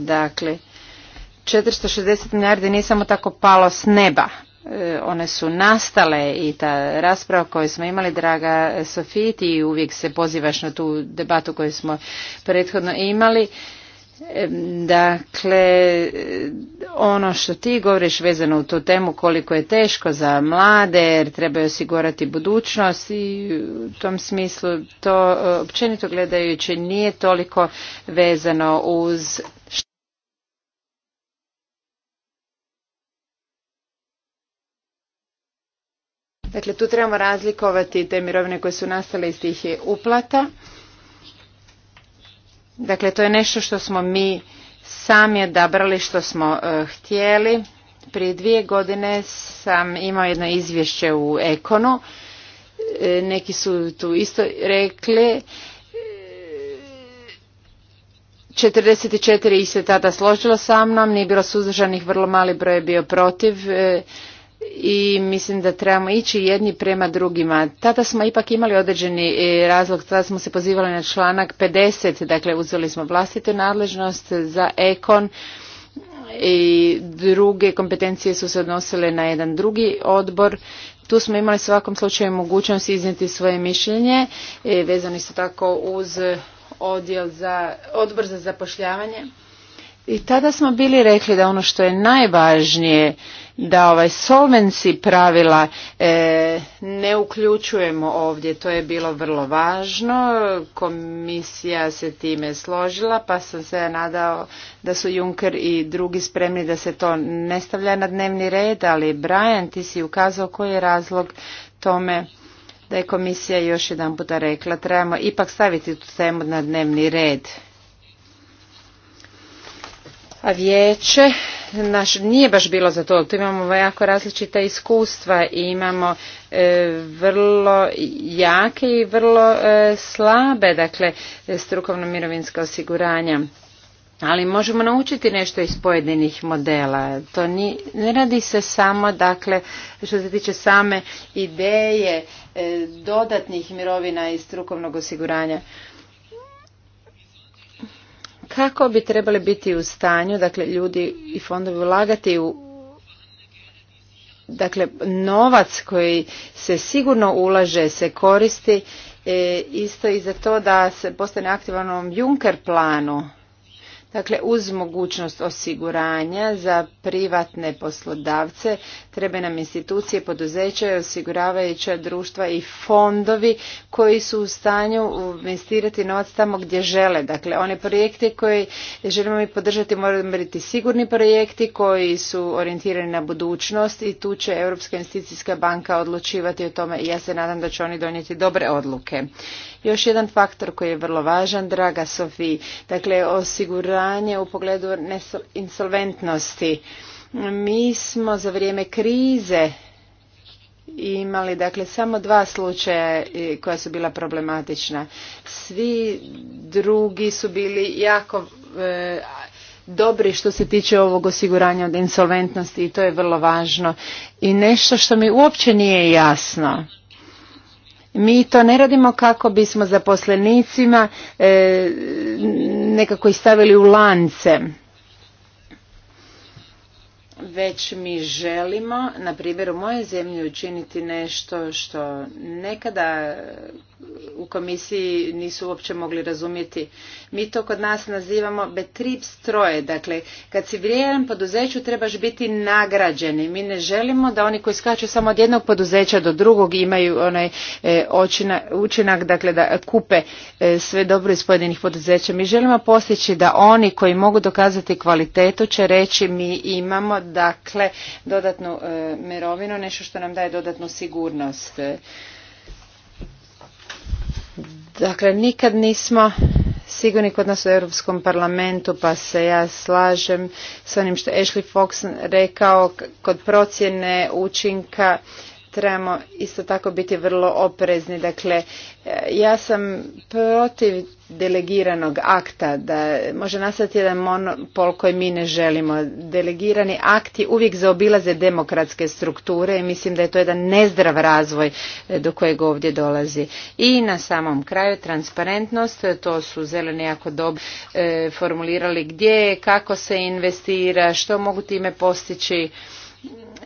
S4: Dakle, 460 milijardi nije samo tako palo s neba. E, one su nastale i ta rasprava koju smo imali, draga Sofiji, ti uvijek se pozivaš na tu debatu koju smo prethodno imali. E, dakle, ono što ti govoriš vezano u tu temu koliko je teško za mlade jer trebaju osigurati budućnost i u tom smislu to e, općenito gledajući nije toliko vezano uz Dakle, tu trebamo razlikovati te mirovine koje su nastale iz tih uplata. Dakle, to je nešto što smo mi sami odabrali što smo e, htjeli. Prije dvije godine sam imao jedno izvješće u Ekonu. E, neki su tu isto rekli 44 e, ih se tada složilo sa mnom, nije bilo suzdržanih, vrlo mali broj je bio protiv. E, i mislim da trebamo ići jedni prema drugima. Tada smo ipak imali određeni e, razlog, tada smo se pozivali na članak 50, dakle uzeli smo vlastitu nadležnost za ekon i druge kompetencije su se odnosile na jedan drugi odbor. Tu smo imali u svakom slučaju mogućnost iznijeti svoje mišljenje, e, vezano isto tako uz odjel za, odbor za zapošljavanje. I tada smo bili rekli da ono što je najvažnije da ovaj solvenci pravila e, ne uključujemo ovdje, to je bilo vrlo važno, komisija se time složila pa sam se nadao da su Juncker i drugi spremni da se to ne stavlja na dnevni red, ali Brian ti si ukazao koji je razlog tome da je komisija još jedan puta rekla trebamo ipak staviti tu temu na dnevni red vijeće naš nije baš bilo za to tu imamo jako različita iskustva i imamo e, vrlo jake i vrlo e, slabe dakle strukovno mirovinska osiguranja ali možemo naučiti nešto iz pojedinih modela to ne radi se samo dakle što se tiče same ideje e, dodatnih mirovina i strukovnog osiguranja kako bi trebali biti u stanju, dakle ljudi i fondovi ulagati u dakle novac koji se sigurno ulaže, se koristi e, isto i za to da se postane aktivan u ovom Juncker planu Dakle, uz mogućnost osiguranja za privatne poslodavce treba nam institucije, poduzeće, osiguravajuća društva i fondovi koji su u stanju investirati novac tamo gdje žele. Dakle, one projekte koje želimo mi podržati moraju biti sigurni projekti koji su orijentirani na budućnost i tu će Europska investicijska banka odlučivati o tome i ja se nadam da će oni donijeti dobre odluke. Još jedan faktor koji je vrlo važan, draga Sofiji, dakle osiguranje u pogledu insolventnosti. Mi smo za vrijeme krize imali dakle samo dva slučaja e, koja su bila problematična. Svi drugi su bili jako e, dobri što se tiče ovog osiguranja od insolventnosti i to je vrlo važno. I nešto što mi uopće nije jasno mi to ne radimo kako bismo zaposlenicima e, nekako ih stavili u lance već mi želimo na primjer u mojoj zemlji učiniti nešto što nekada u komisiji nisu uopće mogli razumjeti. Mi to kod nas nazivamo betrip stroje. Dakle, kad si vrijedan poduzeću trebaš biti nagrađeni. Mi ne želimo da oni koji skaču samo od jednog poduzeća do drugog imaju onaj e, učinak dakle, da kupe e, sve dobro iz pojedinih poduzeća. Mi želimo postići da oni koji mogu dokazati kvalitetu će reći mi imamo dakle dodatnu e, mirovinu, nešto što nam daje dodatnu sigurnost. Dakle, nikad nismo sigurni kod nas u Europskom parlamentu, pa se ja slažem s onim što Ashley Fox rekao kod procjene učinka trebamo isto tako biti vrlo oprezni. Dakle, e, ja sam protiv delegiranog akta, da može nastati jedan monopol koji mi ne želimo. Delegirani akti uvijek zaobilaze demokratske strukture i mislim da je to jedan nezdrav razvoj e, do kojeg ovdje dolazi. I na samom kraju transparentnost, to su zeleni jako dobro e, formulirali gdje, kako se investira, što mogu time postići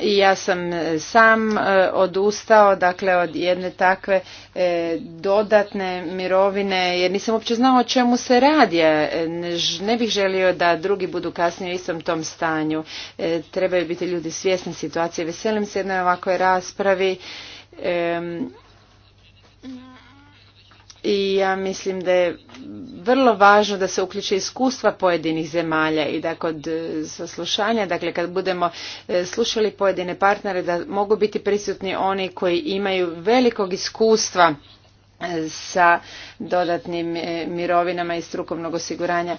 S4: i ja sam e, sam e, odustao dakle od jedne takve e, dodatne mirovine jer nisam uopće znao o čemu se radi ne bih želio da drugi budu kasnije u istom tom stanju trebaju biti ljudi svjesni situacije veselim se jednoj ovakvoj raspravi i ja mislim da je vrlo važno da se uključe iskustva pojedinih zemalja i da kod e, saslušanja, dakle kad budemo e, slušali pojedine partnere da mogu biti prisutni oni koji imaju velikog iskustva e, sa dodatnim mirovinama i strukovnog osiguranja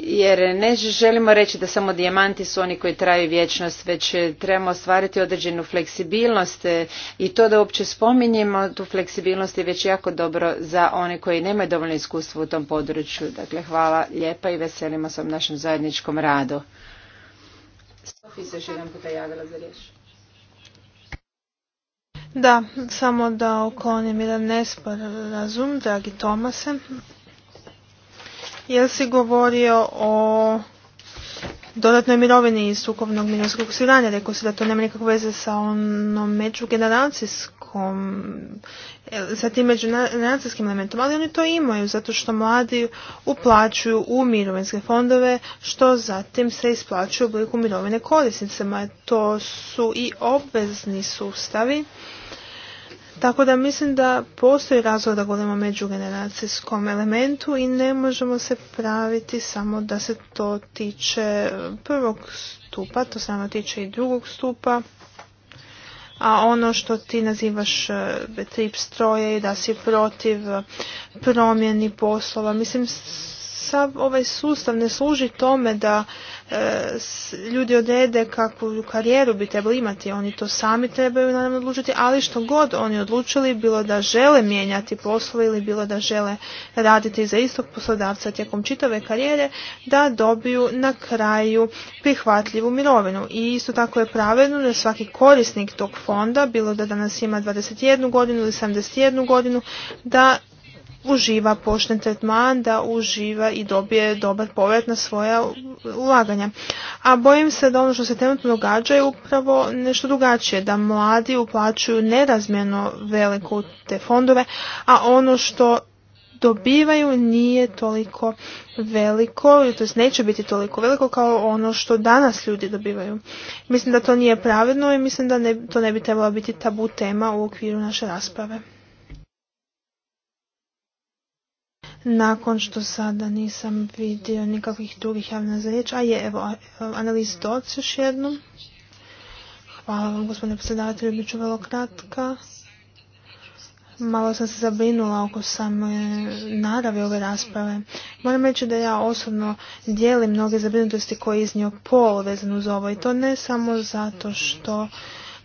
S4: jer ne želimo reći da samo dijamanti su oni koji traju vječnost, već trebamo ostvariti određenu fleksibilnost e, i to da uopće spominjemo tu fleksibilnost je već jako dobro za one koji nemaju dovoljno iskustva u tom području. Dakle, hvala lijepa i veselimo se našem zajedničkom radu.
S1: Da, samo da oklonim jedan nesporazum, dragi Tomase. Jel si govorio o dodatnoj mirovini iz sukovnog mirovinskog osiguranja. Rekao si da to nema nikakve veze sa onom međugeneracijskom, e, sa tim međugeneracijskim elementom, ali oni to imaju zato što mladi uplaćuju u mirovinske fondove, što zatim se isplaćuju u obliku mirovine korisnicama. To su i obvezni sustavi tako da mislim da postoji razlog da govorimo o međugeneracijskom elementu i ne možemo se praviti samo da se to tiče prvog stupa, to se tiče i drugog stupa. A ono što ti nazivaš e, trip stroje i da si protiv promjeni poslova, mislim sav ovaj sustav ne služi tome da e, ljudi odrede kakvu karijeru bi trebali imati. Oni to sami trebaju naravno odlučiti, ali što god oni odlučili, bilo da žele mijenjati poslove ili bilo da žele raditi za istog poslodavca tijekom čitave karijere, da dobiju na kraju prihvatljivu mirovinu. I isto tako je pravedno da svaki korisnik tog fonda, bilo da danas ima 21 godinu ili 71 godinu, da uživa pošten tretman, da uživa i dobije dobar povrat na svoja ulaganja. A bojim se da ono što se trenutno događa je upravo nešto drugačije, da mladi uplaćuju nerazmjerno veliko te fondove, a ono što dobivaju nije toliko veliko, to neće biti toliko veliko kao ono što danas ljudi dobivaju. Mislim da to nije pravedno i mislim da to ne bi trebalo biti tabu tema u okviru naše rasprave. nakon što sada nisam vidio nikakvih drugih javna za A je, evo, analiz DOC još jednom. Hvala vam, gospodine predsjedatelju, bit ću vrlo kratka. Malo sam se zabrinula oko same narave ove rasprave. Moram reći da ja osobno dijelim mnoge zabrinutosti koje je iznio pol vezano uz ovo i to ne samo zato što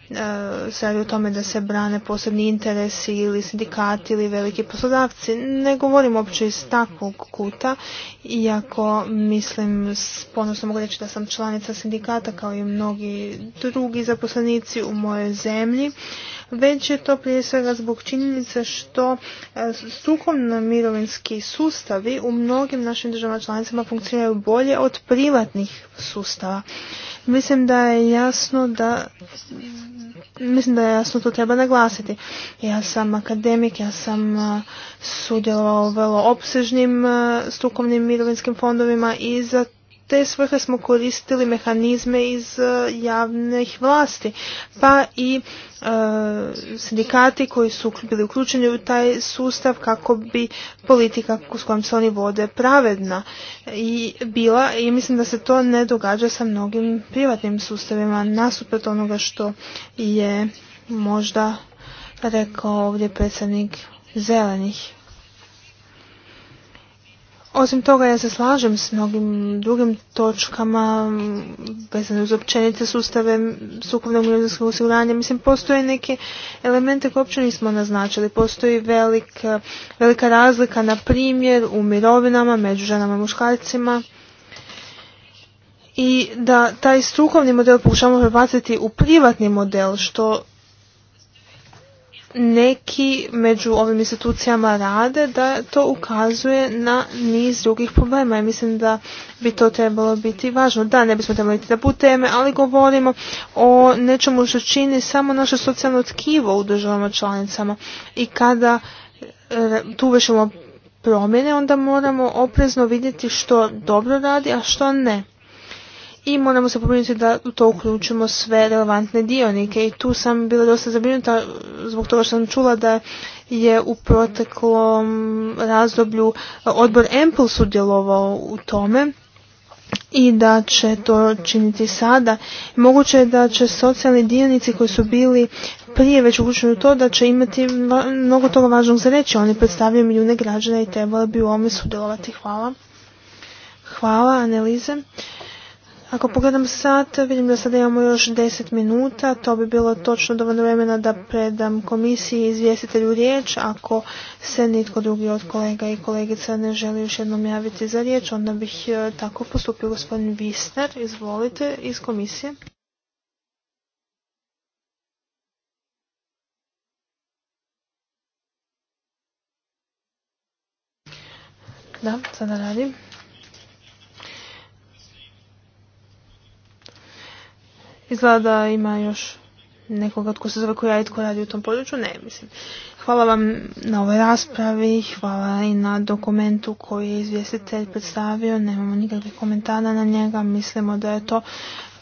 S1: E, se radi o tome da se brane posebni interesi ili sindikati ili veliki poslodavci. Ne govorim uopće iz takvog kuta iako mislim, ponosno mogu reći da sam članica sindikata kao i mnogi drugi zaposlenici u mojoj zemlji, već je to prije svega zbog činjenice što e, strukovno mirovinski sustavi u mnogim našim državama članicama funkcioniraju bolje od privatnih sustava. Mislim da je jasno da mislim da je jasno to treba naglasiti. Ja sam akademik, ja sam e, sudjelovao u vrlo opsežnim e, strukovnim mirovinskim fondovima i za te svrhe smo koristili mehanizme iz e, javnih vlasti, pa i e, sindikati koji su bili uključeni u taj sustav kako bi politika s kojom se oni vode pravedna i bila i mislim da se to ne događa sa mnogim privatnim sustavima nasuprot onoga što je možda rekao ovdje predsjednik zelenih. Osim toga ja se slažem s mnogim drugim točkama vezano uz općenite sustave sukovnog mirovinskog osiguranja. Mislim, postoje neke elemente koje uopće nismo naznačili. Postoji velika, velika razlika, na primjer, u mirovinama među ženama i muškarcima. I da taj strukovni model pokušamo prebaciti u privatni model, što neki među ovim institucijama rade, da to ukazuje na niz drugih problema i mislim da bi to trebalo biti važno. Da, ne bismo trebali da puteme, ali govorimo o nečemu što čini samo naše socijalno tkivo u državama članicama i kada e, tu vršimo promjene, onda moramo oprezno vidjeti što dobro radi, a što ne i moramo se pobrinuti da u to uključimo sve relevantne dionike i tu sam bila dosta zabrinuta zbog toga što sam čula da je u proteklom razdoblju odbor Ample sudjelovao u tome i da će to činiti sada. Moguće je da će socijalni dionici koji su bili prije već uključeni u to da će imati mnogo toga važnog za reći. Oni predstavljaju milijune građana i trebali bi u ovome sudjelovati. Hvala. Hvala, Anelize. Ako pogledam sat, vidim da sada imamo još 10 minuta, to bi bilo točno dovoljno vremena da predam komisiji izvjestitelju riječ. Ako se nitko drugi od kolega i kolegica ne želi još jednom javiti za riječ, onda bih e, tako postupio gospodin Visner, izvolite, iz komisije. Da, sada radim. Izgleda da ima još nekoga tko se zove koja radi u tom području, ne mislim. Hvala vam na ovoj raspravi, hvala i na dokumentu koji je izvjestitelj predstavio, nemamo nikakvih komentara na njega, mislimo da je to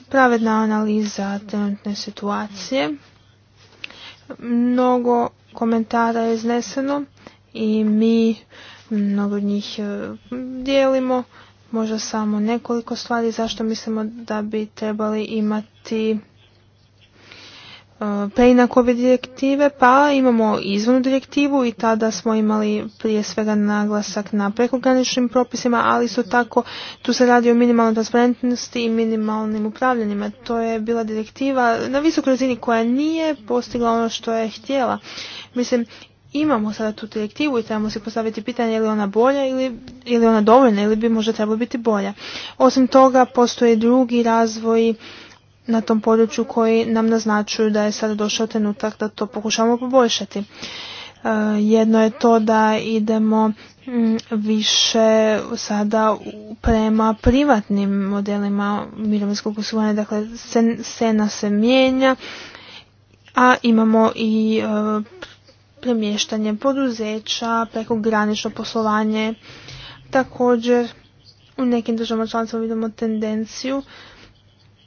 S1: pravedna analiza trenutne situacije. Mnogo komentara je izneseno i mi mnogo njih eh, dijelimo možda samo nekoliko stvari zašto mislimo da bi trebali imati e, preinakove direktive, pa imamo izvornu direktivu i tada smo imali prije svega naglasak na prekograničnim propisima, ali isto tako tu se radi o minimalnoj transparentnosti i minimalnim upravljanjima. To je bila direktiva na visokoj razini koja nije postigla ono što je htjela. Mislim, imamo sada tu direktivu i trebamo se postaviti pitanje je li ona bolja ili je li ona dovoljna ili bi možda trebalo biti bolja. Osim toga postoje drugi razvoj na tom području koji nam naznačuju da je sada došao trenutak da to pokušamo poboljšati. E, jedno je to da idemo mm, više sada prema privatnim modelima mirovinskog osiguranja, dakle sena se mijenja, a imamo i e, premještanje poduzeća, preko granično poslovanje. Također u nekim državama članicama vidimo tendenciju,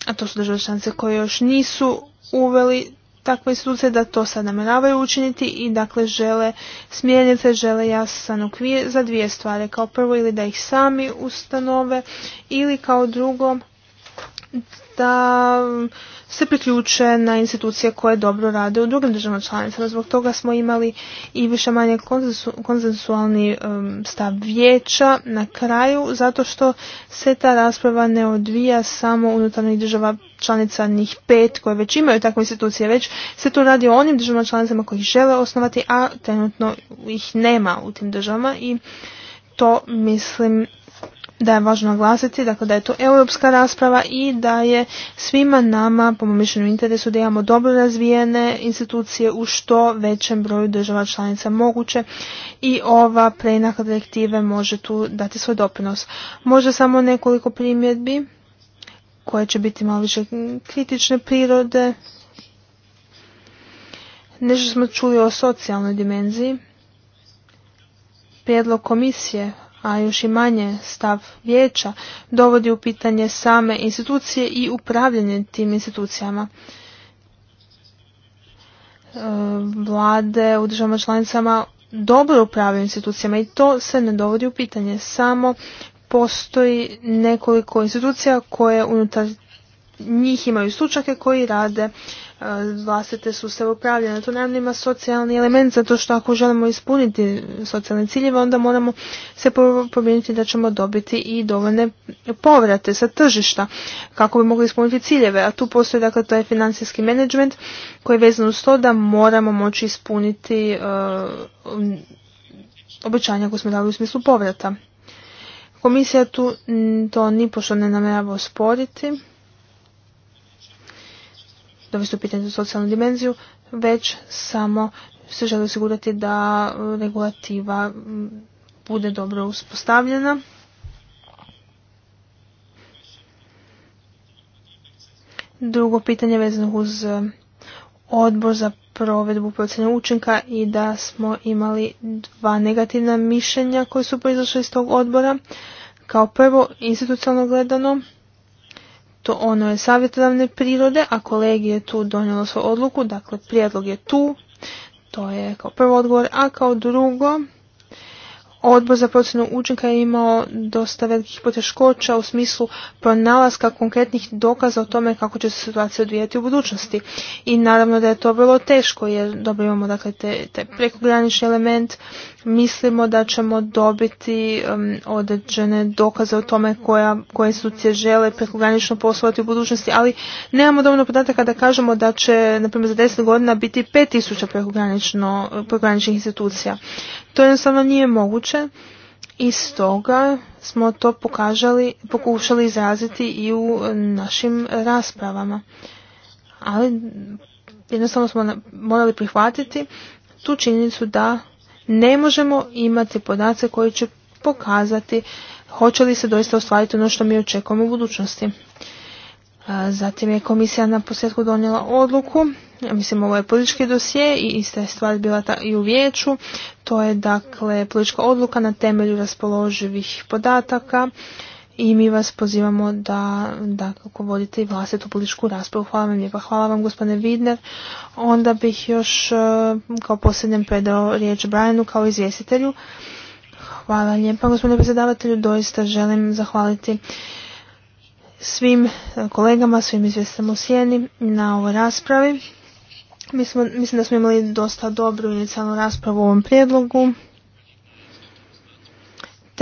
S1: a to su države članice koje još nisu uveli takve institucije da to sad namjeravaju učiniti i dakle žele smjernice, žele jasan okvir za dvije stvari. Kao prvo ili da ih sami ustanove ili kao drugo da se priključe na institucije koje dobro rade u drugim državama članicama. Zbog toga smo imali i više manje konsensualni stav vijeća na kraju, zato što se ta rasprava ne odvija samo unutarnjih država članica njih pet koje već imaju takve institucije, već se to radi o onim državama članicama koji žele osnovati, a trenutno ih nema u tim državama i to mislim da je važno naglasiti dakle, da je to europska rasprava i da je svima nama, po mom mišljenju interesu, da imamo dobro razvijene institucije u što većem broju država članica moguće i ova preinaka direktive može tu dati svoj doprinos. Možda samo nekoliko primjedbi koje će biti malo više kritične prirode. Nešto smo čuli o socijalnoj dimenziji. Prijedlog komisije a još i manje stav vijeća, dovodi u pitanje same institucije i upravljanje tim institucijama. E, vlade u državama članicama dobro upravljaju institucijama i to se ne dovodi u pitanje. Samo postoji nekoliko institucija koje unutar njih imaju stručnjake koji rade E, vlastite sustave upravljanja. Tu naravno ima socijalni element zato što ako želimo ispuniti socijalne ciljeve onda moramo se pobrinuti da ćemo dobiti i dovoljne povrate sa tržišta kako bi mogli ispuniti ciljeve. A tu postoji dakle taj financijski menadžment koji je vezan uz to da moramo moći ispuniti e, obećanja koje smo dali u smislu povrata. Komisija tu to nipošto ne namjerava osporiti dovesti u pitanje socijalnu dimenziju, već samo se želi osigurati da uh, regulativa mm, bude dobro uspostavljena. Drugo pitanje vezano uz uh, odbor za provedbu procjene učinka i da smo imali dva negativna mišljenja koje su proizašle iz tog odbora. Kao prvo, institucionalno gledano, to ono je savjetodavne prirode, a kolegi je tu donijelo svoju odluku, dakle prijedlog je tu, to je kao prvo odgovor, a kao drugo Odbor za procjenu učinka je imao dosta velikih poteškoća u smislu pronalaska konkretnih dokaza o tome kako će se situacija odvijati u budućnosti. I naravno da je to vrlo teško jer dobro imamo dakle te, te prekogranični element, mislimo da ćemo dobiti um, određene dokaze o tome koja, koje institucije žele prekogranično poslovati u budućnosti, ali nemamo dovoljno podataka da kažemo da će, na za deset godina biti pet 5000 prekograničnih institucija. To jednostavno nije moguće i stoga smo to pokazali, pokušali izraziti i u našim raspravama. Ali jednostavno smo morali prihvatiti tu činjenicu da ne možemo imati podace koji će pokazati hoće li se doista ostvariti ono što mi očekujemo u budućnosti. Zatim je komisija na posljedku donijela odluku Mislim, ovo je politički dosje i ista je stvar bila ta i u vijeću. To je dakle politička odluka na temelju raspoloživih podataka i mi vas pozivamo da, dakle, kako vodite i vlastitu političku raspravu. Hvala vam lijepa. Hvala vam gospodine Vidner. Onda bih još e, kao posljednjem predao riječ Brianu kao izvjestitelju. Hvala lijepa gospodine predsjedavatelju. Doista želim zahvaliti svim e, kolegama, svim izvjestitelju u na ovoj raspravi. Mislim, mislim da smo imali dosta dobru inicijalnu raspravu u ovom prijedlogu.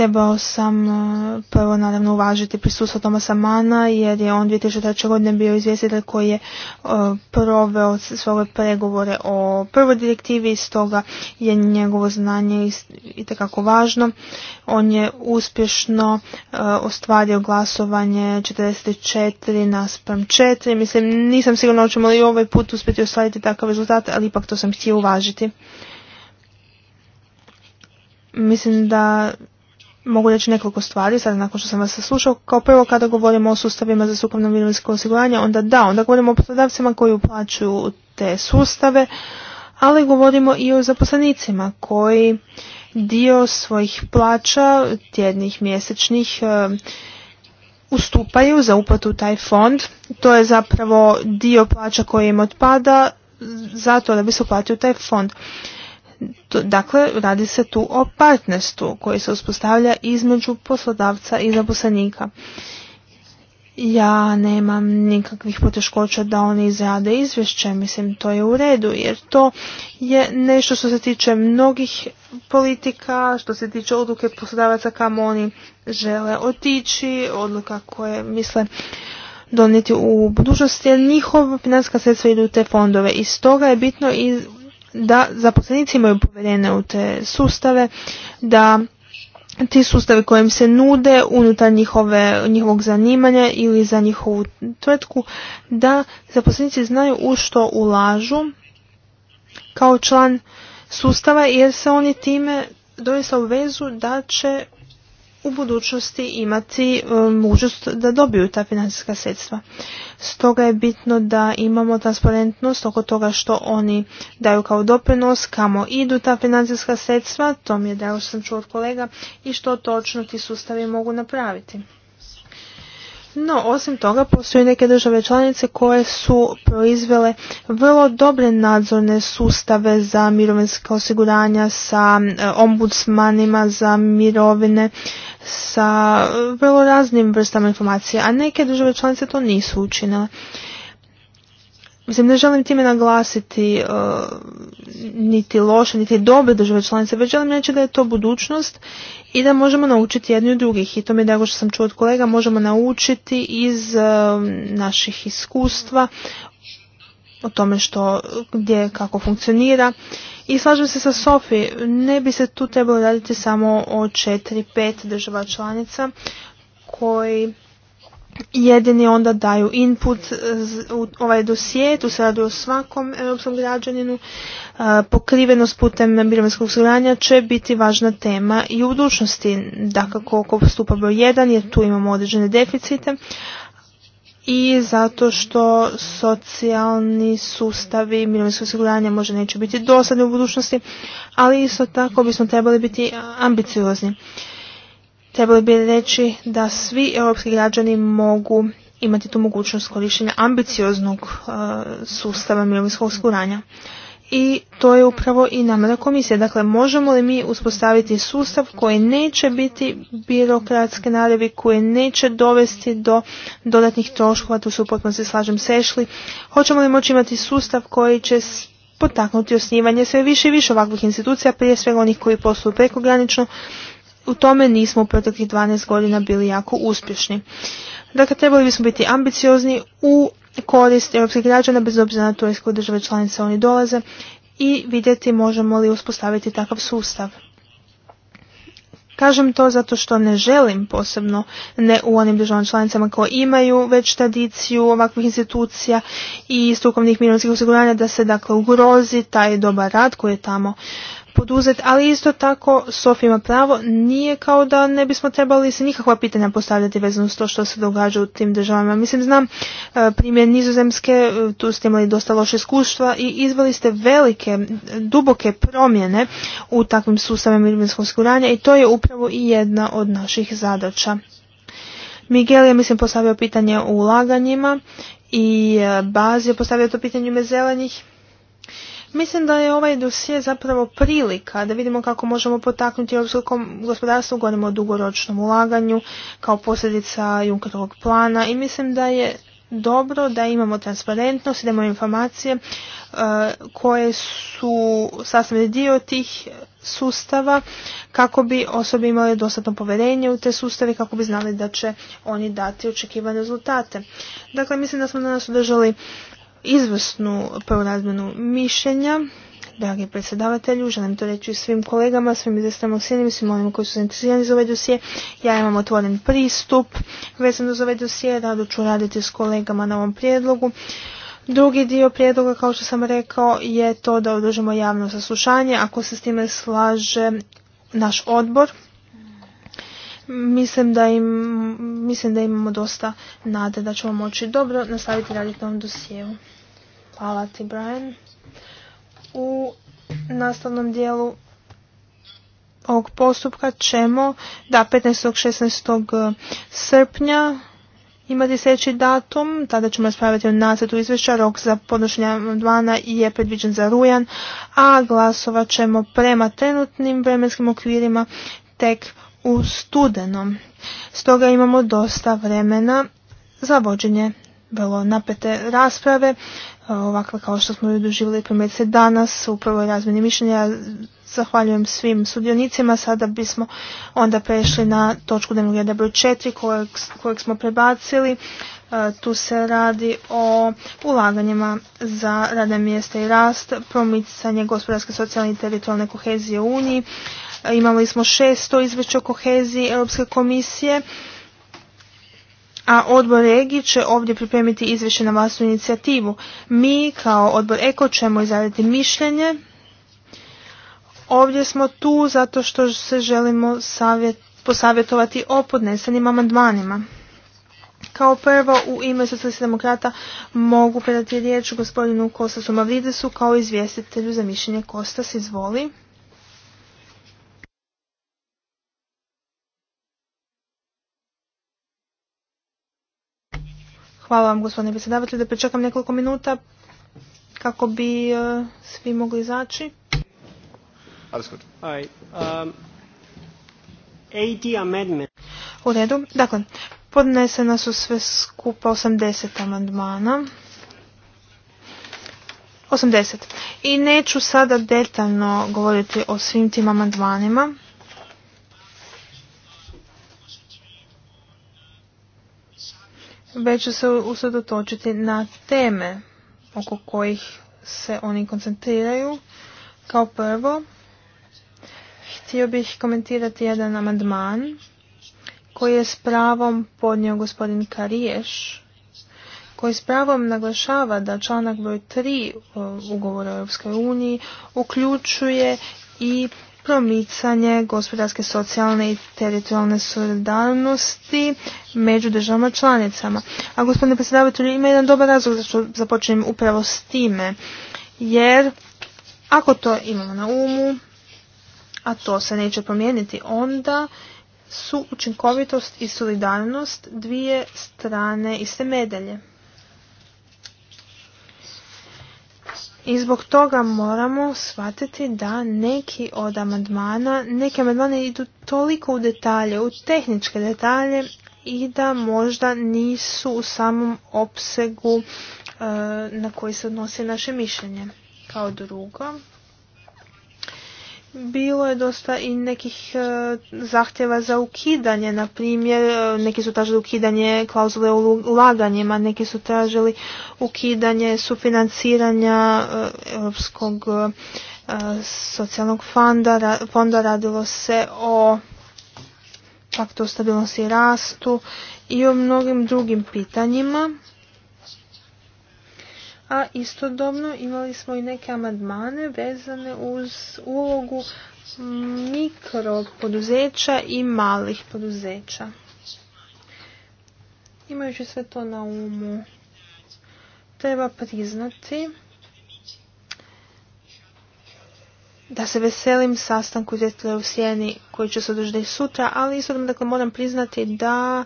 S1: Trebao sam e, prvo naravno uvažiti prisustvo Tomasa Mana jer je on 2003. godine bio izvjestitelj koji je e, proveo svoje pregovore o prvoj direktivi i stoga je njegovo znanje i itekako važno. On je uspješno e, ostvario glasovanje 44 naspram 4. Mislim, nisam sigurno hoćemo li ovaj put uspjeti ostvariti takav rezultat, ali ipak to sam htio uvažiti mislim da mogu reći nekoliko stvari, sad nakon što sam vas saslušao, kao prvo kada govorimo o sustavima za sukovno mirovinsko osiguranje, onda da, onda govorimo o poslodavcima koji uplaćuju te sustave, ali govorimo i o zaposlenicima koji dio svojih plaća, tjednih, mjesečnih, eh, ustupaju za uplatu u taj fond. To je zapravo dio plaća koji im otpada zato da bi se uplatio taj fond. Dakle, radi se tu o partnerstvu koji se uspostavlja između poslodavca i zaposlenika. Ja nemam nikakvih poteškoća da oni izrade izvješće, mislim to je u redu jer to je nešto što se tiče mnogih politika, što se tiče odluke poslodavaca kamo oni žele otići, odluka koje misle donijeti u budućnosti, jer njihova financijska sredstva idu u te fondove i stoga je bitno i da zaposlenici imaju povjerene u te sustave, da ti sustavi kojim se nude unutar njihove, njihovog zanimanja ili za njihovu tvrtku, da zaposlenici znaju u što ulažu kao član sustava jer se oni time doista obvezu da će u budućnosti imati e, mogućnost da dobiju ta financijska sredstva. Stoga je bitno da imamo transparentnost oko toga što oni daju kao doprinos, kamo idu ta financijska sredstva, to mi je dao što sam čuo od kolega, i što točno ti sustavi mogu napraviti. No, osim toga, postoje neke države članice koje su proizvele vrlo dobre nadzorne sustave za mirovinska osiguranja sa e, ombudsmanima za mirovine, sa e, vrlo raznim vrstama informacije, a neke države članice to nisu učinile. Mislim, ne želim time naglasiti e, niti loše, niti dobre države članice, već želim reći da je to budućnost i da možemo naučiti jedni od drugih. I to mi je drago što sam čuo od kolega, možemo naučiti iz e, naših iskustva o tome što, gdje, kako funkcionira. I slažem se sa Sofi, ne bi se tu trebalo raditi samo o četiri, pet država članica koji jedini onda daju input eh, u ovaj dosije, tu se radi o svakom europskom građaninu. Eh, pokrivenost putem mirovinskog osiguranja će biti važna tema i u budućnosti. Dakako, oko stupa broj 1, jer tu imamo određene deficite, i zato što socijalni sustavi mirovinskog osiguranja možda neće biti dosadni u budućnosti, ali isto tako bismo trebali biti ambiciozni trebali bi reći da svi europski građani mogu imati tu mogućnost korištenja ambicioznog e, sustava mirovinskog osiguranja. I to je upravo i namjera komisije. Dakle, možemo li mi uspostaviti sustav koji neće biti birokratske naravi, koji neće dovesti do dodatnih troškova, tu se u potpunosti slažem sešli. Hoćemo li moći imati sustav koji će potaknuti osnivanje sve više i više ovakvih institucija, prije svega onih koji posluju prekogranično, u tome nismo u proteklih 12 godina bili jako uspješni. Dakle, trebali bismo biti ambiciozni u korist europskih građana, bez obzira na to iz koje države članice oni dolaze, i vidjeti možemo li uspostaviti takav sustav. Kažem to zato što ne želim posebno ne u onim državama članicama koje imaju već tradiciju ovakvih institucija i strukovnih mirovinskih osiguranja da se dakle ugrozi taj dobar rad koji je tamo poduzeti, ali isto tako Sofija ima pravo, nije kao da ne bismo trebali se nikakva pitanja postavljati vezano s to što se događa u tim državama. Mislim, znam e, primjer nizozemske, e, tu ste imali dosta loše iskustva i izveli ste velike, duboke promjene u takvim sustavima mirovinskog osiguranja i to je upravo i jedna od naših zadaća. Miguel je, mislim, postavio pitanje o ulaganjima i e, Baz je postavio to pitanje u zelenih Mislim da je ovaj dosije zapravo prilika da vidimo kako možemo potaknuti europskom gospodarstvo, govorimo o dugoročnom ulaganju kao posljedica Junkerovog plana i mislim da je dobro da imamo transparentnost, da imamo informacije e, koje su sastavni dio tih sustava kako bi osobe imale dostatno povjerenje u te sustave kako bi znali da će oni dati očekivane rezultate. Dakle, mislim da smo danas održali izvrsnu prvu razmjenu mišljenja. Dragi predsjedavatelju, želim to reći svim kolegama, svim izvjestama i svim onima koji su zainteresirani za ovaj dosije. Ja imam otvoren pristup vezano za ovaj dosije, rado ću raditi s kolegama na ovom prijedlogu. Drugi dio prijedloga, kao što sam rekao, je to da održimo javno saslušanje. Ako se s time slaže naš odbor, mislim da, im, mislim da imamo dosta nade da ćemo moći dobro nastaviti raditi na ovom dosijevu. Hvala ti, Brian. U nastavnom dijelu ovog postupka ćemo da 15. 16. srpnja imati sljedeći datum, tada ćemo raspraviti o nacrtu izvješća, rok za podnošenje amandmana je predviđen za rujan, a glasovat ćemo prema trenutnim vremenskim okvirima tek u studenom. Stoga imamo dosta vremena za vođenje vrlo napete rasprave Eh, ovakve kao što smo ju doživjeli primjerice danas u prvoj razmjeni mišljenja. Zahvaljujem svim sudionicima. Sada bismo onda prešli na točku dnevnog reda broj 4 kojeg, smo prebacili. Eh, tu se radi o ulaganjima za radne mjesta i rast, promicanje gospodarske, socijalne i teritorijalne kohezije u Uniji. Eh, imali smo šesto izvješća o koheziji Europske komisije a odbor regije će ovdje pripremiti izvješće na vlastnu inicijativu. Mi kao odbor Eko ćemo izraditi mišljenje. Ovdje smo tu zato što se želimo savjet, posavjetovati o podnesenim amandmanima. Kao prvo u ime SOS demokrata mogu predati riječ gospodinu Kostasu Mavridesu kao izvjestitelju za mišljenje Kostas. Izvoli. Hvala vam gospodine predsjedavatelju da pričekam nekoliko minuta kako bi e, svi mogli izaći.
S2: Um,
S1: U redu. Dakle, podnesena su sve skupa 80 amandmana. 80. I neću sada detaljno govoriti o svim tim amandmanima. već će se usredotočiti na teme oko kojih se oni koncentriraju. Kao prvo, htio bih komentirati jedan amandman koji je s pravom podnio gospodin Kariješ, koji s pravom naglašava da članak broj 3 e, ugovora Europske unije uključuje i promicanje gospodarske, socijalne i teritorijalne solidarnosti među državama članicama. A gospodine predsjedavatelju, ima jedan dobar razlog zašto započnem upravo s time, jer ako to imamo na umu, a to se neće promijeniti, onda su učinkovitost i solidarnost dvije strane iste medalje. I zbog toga moramo shvatiti da neki od amandmana, neki amandmane idu toliko u detalje, u tehničke detalje i da možda nisu u samom opsegu e, na koji se odnosi naše mišljenje. Kao drugo, bilo je dosta i nekih e, zahtjeva za ukidanje, na primjer e, neki su tražili ukidanje klauzule u ulaganjima, neki su tražili ukidanje sufinanciranja e, Europskog socijalnog fonda, fonda radilo se o faktu stabilnosti i rastu i o mnogim drugim pitanjima a istodobno imali smo i neke amandmane vezane uz ulogu poduzeća i malih poduzeća. Imajući sve to na umu, treba priznati da se veselim sastanku u Sjeni koji će se održati sutra, ali istodobno dakle, moram priznati da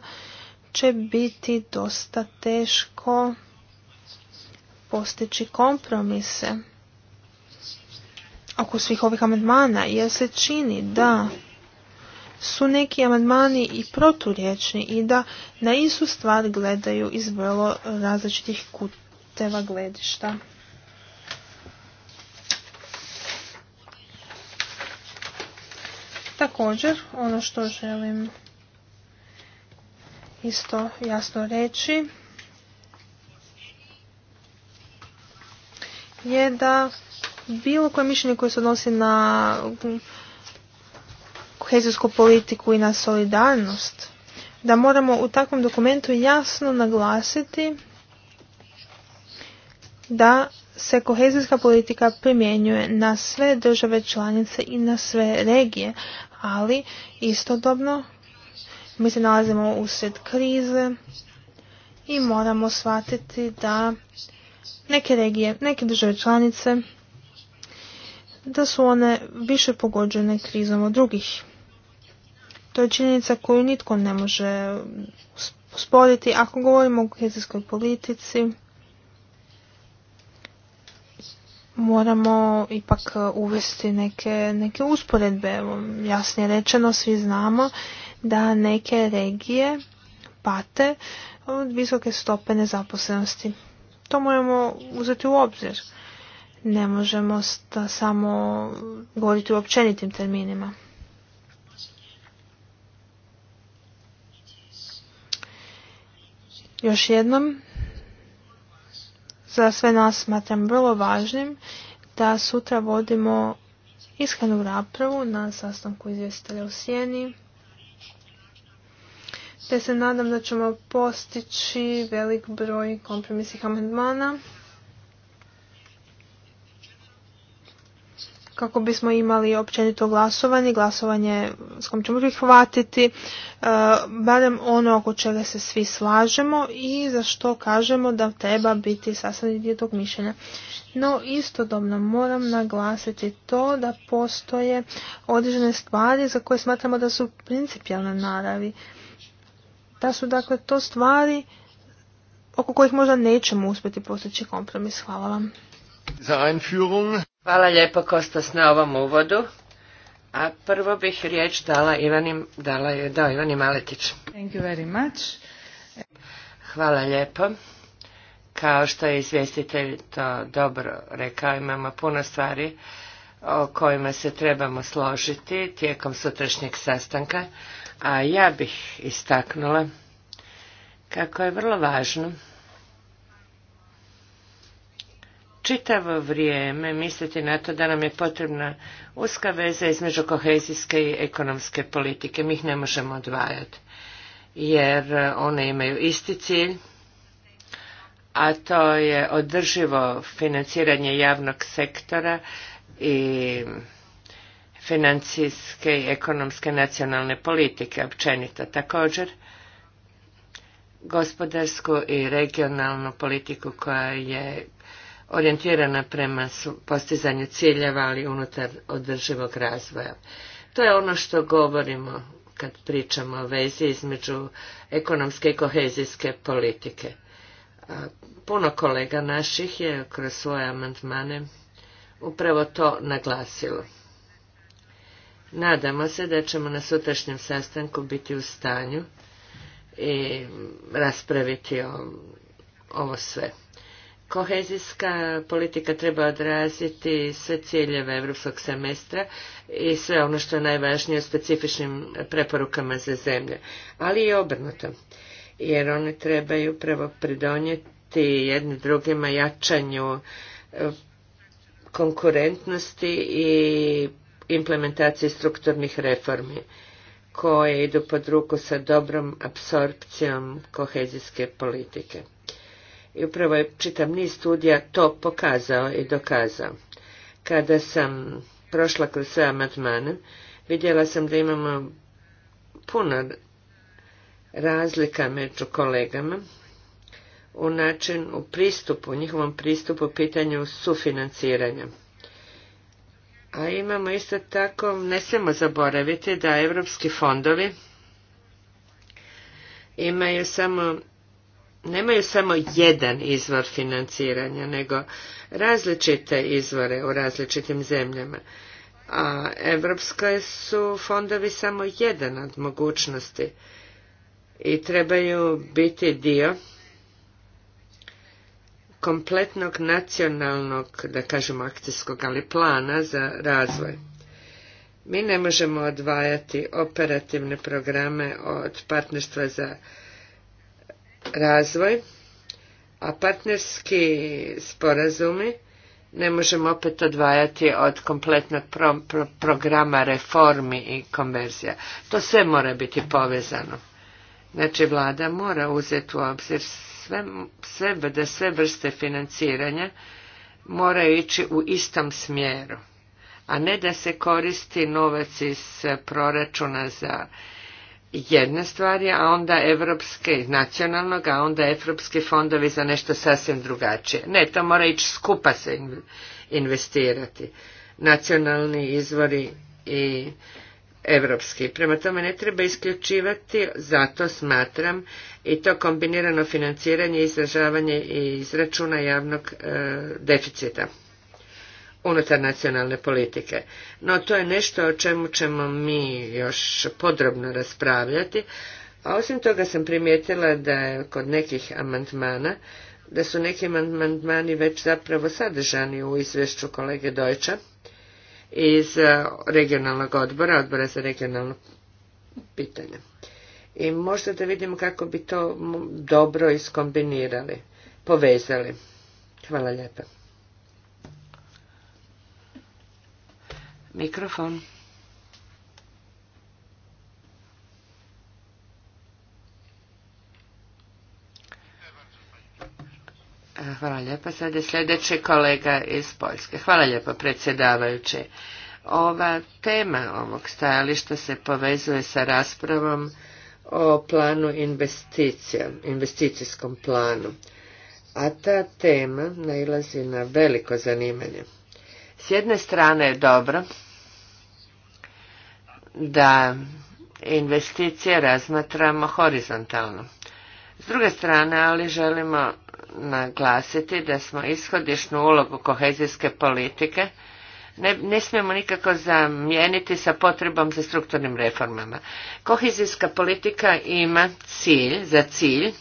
S1: će biti dosta teško postići kompromise oko svih ovih amandmana, jer se čini da su neki amandmani i proturječni i da na istu stvar gledaju iz vrlo različitih kuteva gledišta. Također, ono što želim isto jasno reći je da bilo koje mišljenje koje se odnosi na kohezijsku politiku i na solidarnost, da moramo u takvom dokumentu jasno naglasiti da se kohezijska politika primjenjuje na sve države članice i na sve regije, ali istodobno mi se nalazimo usred krize i moramo shvatiti da neke regije, neke države članice, da su one više pogođene krizom od drugih. To je činjenica koju nitko ne može usporiti. Ako govorimo o krizijskoj politici, moramo ipak uvesti neke, neke usporedbe. jasnije rečeno, svi znamo da neke regije pate od visoke stope nezaposlenosti to moramo uzeti u obzir. Ne možemo samo govoriti u općenitim terminima. Još jednom, za sve nas smatram vrlo važnim da sutra vodimo iskrenu rapravu na sastanku izvjestitelja u Sjeni te se nadam da ćemo postići velik broj kompromisnih amandmana kako bismo imali općenito glasovanje, glasovanje s kojim ćemo prihvatiti, e, barem ono oko čega se svi slažemo i za što kažemo da treba biti sastavni dio tog mišljenja. No istodobno moram naglasiti to da postoje određene stvari za koje smatramo da su principijalne naravi da su dakle to stvari oko kojih možda nećemo uspjeti postići kompromis. Hvala vam.
S3: Hvala lijepo Kostas na ovom uvodu. A prvo bih riječ dala Ivani, dala je, da Ivani Maletić. Thank you very much. Hvala lijepo. Kao što je izvjestitelj to dobro rekao, imamo puno stvari o kojima se trebamo složiti tijekom sutrašnjeg sastanka, a ja bih istaknula kako je vrlo važno čitavo vrijeme misliti na to da nam je potrebna uska veza između kohezijske i ekonomske politike. Mi ih ne možemo odvajati jer one imaju isti cilj, a to je održivo financiranje javnog sektora i financijske i ekonomske nacionalne politike općenito. Također, gospodarsku i regionalnu politiku koja je orijentirana prema postizanju ciljeva, ali unutar održivog razvoja. To je ono što govorimo kad pričamo o vezi između ekonomske i kohezijske politike. Puno kolega naših je kroz svoje amandmane upravo to naglasilo. Nadamo se da ćemo na sutrašnjem sastanku biti u stanju i raspraviti o, ovo sve. Kohezijska politika treba odraziti sve ciljeve europskog semestra i sve ono što je najvažnije o specifičnim preporukama za zemlje, ali i obrnuto, jer one trebaju upravo pridonijeti jedni drugima jačanju e, konkurentnosti i Implementacije strukturnih reformi koje idu pod ruku sa dobrom apsorpcijom kohezijske politike. I upravo je čitav niz studija to pokazao i dokazao. Kada sam prošla kroz sve amatmane, vidjela sam da imamo puno razlika među kolegama u načinu u pristupu, u njihovom pristupu pitanju sufinanciranja. A imamo isto tako, ne smijemo zaboraviti da evropski fondovi imaju samo nemaju samo jedan izvor financiranja, nego različite izvore u različitim zemljama. A evropske su fondovi samo jedan od mogućnosti i trebaju biti dio kompletnog nacionalnog, da kažemo akcijskog, ali plana za razvoj. Mi ne možemo odvajati operativne programe od partnerstva za razvoj, a partnerski sporazumi ne možemo opet odvajati od kompletnog programa reformi i konverzija. To sve mora biti povezano. Znači, vlada mora uzeti u obzir sve, sve, da sve vrste financiranja moraju ići u istom smjeru, a ne da se koristi novac iz proračuna za jedne stvari, a onda evropske nacionalnog, a onda evropski fondovi za nešto sasvim drugačije. Ne, to mora ići skupa se investirati. Nacionalni izvori i europski. Prema tome ne treba isključivati, zato smatram i to kombinirano financiranje, izražavanje i izračuna javnog e, deficita unutar nacionalne politike. No to je nešto o čemu ćemo mi još podrobno raspravljati, a osim toga sam primijetila da je kod nekih amandmana da su neki amandmani već zapravo sadržani u izvješću kolege Dojča, iz eh, regionalnog odbora, odbora za regionalno pitanje. I možda da vidimo kako bi to dobro iskombinirali, povezali. Hvala lijepa. Mikrofon. Hvala lijepa. Sada je sljedeći kolega iz Poljske. Hvala lijepo predsjedavajući. Ova tema ovog stajališta se povezuje sa raspravom o planu investicija, investicijskom planu. A ta tema nailazi na veliko zanimanje. S jedne strane je dobro da investicije razmatramo horizontalno. S druge strane, ali želimo naglasiti da smo ishodišnu ulogu kohezijske politike ne, ne smijemo nikako zamijeniti sa potrebom za strukturnim reformama. Kohezijska politika ima cilj, za cilj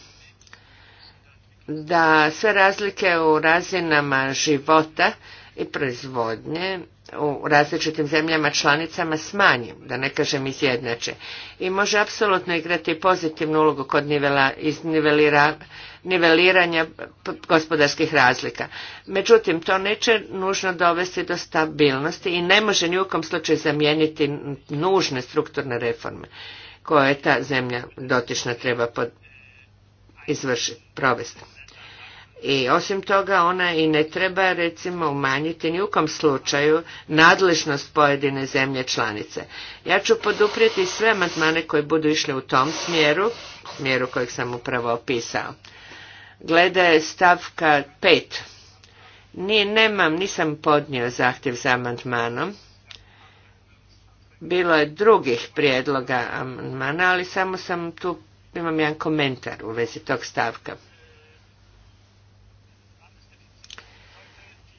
S3: da sve razlike u razinama života i proizvodnje u različitim zemljama članicama smanji, da ne kažem izjednače. I može apsolutno igrati pozitivnu ulogu kod nivela, niveliranja gospodarskih razlika. Međutim, to neće nužno dovesti do stabilnosti i ne može ni u kom slučaju zamijeniti nužne strukturne reforme koje ta zemlja dotična treba pod, izvršiti, provesti. I osim toga ona i ne treba recimo umanjiti ni u kom slučaju nadležnost pojedine zemlje članice. Ja ću poduprijeti sve amandmane koji budu išli u tom smjeru, smjeru kojeg sam upravo opisao. Glede stavka 5. Nije, nemam, nisam podnio zahtjev za amandmanom. Bilo je drugih prijedloga amandmana, ali samo sam tu, imam jedan komentar u vezi tog stavka.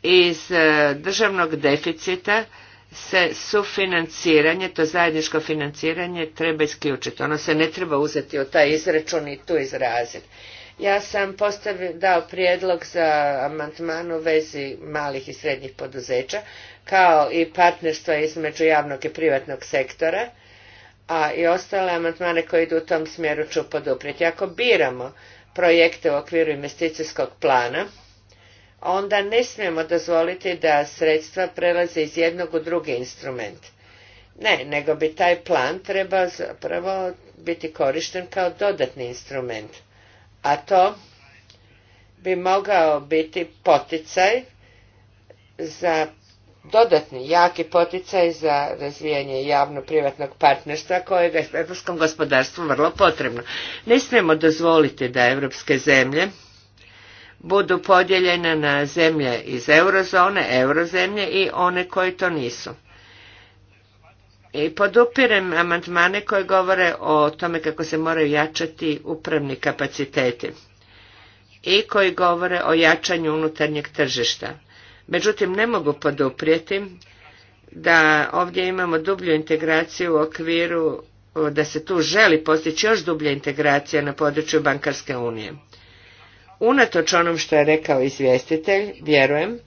S3: iz e, državnog deficita se sufinanciranje, to zajedničko financiranje treba isključiti. Ono se ne treba uzeti od taj izračun i tu izraziti. Ja sam postavio, dao prijedlog za amantman u vezi malih i srednjih poduzeća, kao i partnerstva između javnog i privatnog sektora, a i ostale amantmane koje idu u tom smjeru ću poduprijeti. Ako biramo projekte u okviru investicijskog plana, onda ne smijemo dozvoliti da sredstva prelaze iz jednog u drugi instrument. Ne, nego bi taj plan trebao zapravo biti korišten kao dodatni instrument. A to bi mogao biti poticaj za dodatni jaki poticaj za razvijanje javno-privatnog partnerstva koje je europskom gospodarstvu vrlo potrebno. Ne smijemo dozvoliti da europske zemlje budu podijeljene na zemlje iz eurozone, eurozemlje i one koji to nisu. I podupirem amandmane koje govore o tome kako se moraju jačati upravni kapaciteti i koji govore o jačanju unutarnjeg tržišta. Međutim, ne mogu poduprijeti da ovdje imamo dublju integraciju u okviru da se tu želi postići još dublja integracija na području bankarske unije unatoč onom što je rekao izvjestitelj, vjerujem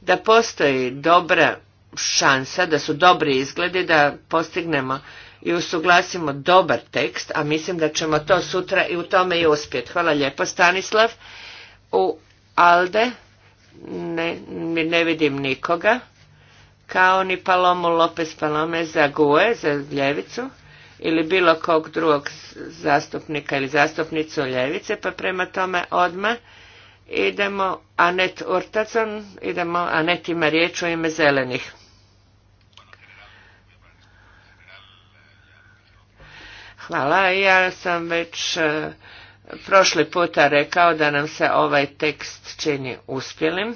S3: da postoji dobra šansa, da su dobri izgledi da postignemo i usuglasimo dobar tekst, a mislim da ćemo to sutra i u tome i uspjeti. Hvala lijepo Stanislav. U Alde ne, ne vidim nikoga, kao ni Palomu Lopez Palome za Gue, za Ljevicu ili bilo kog drugog zastupnika ili zastupnicu ljevice, pa prema tome odma. idemo Anet urtacom, idemo Anet ima riječ u ime zelenih. Hvala, ja sam već e, prošli puta rekao da nam se ovaj tekst čini uspjelim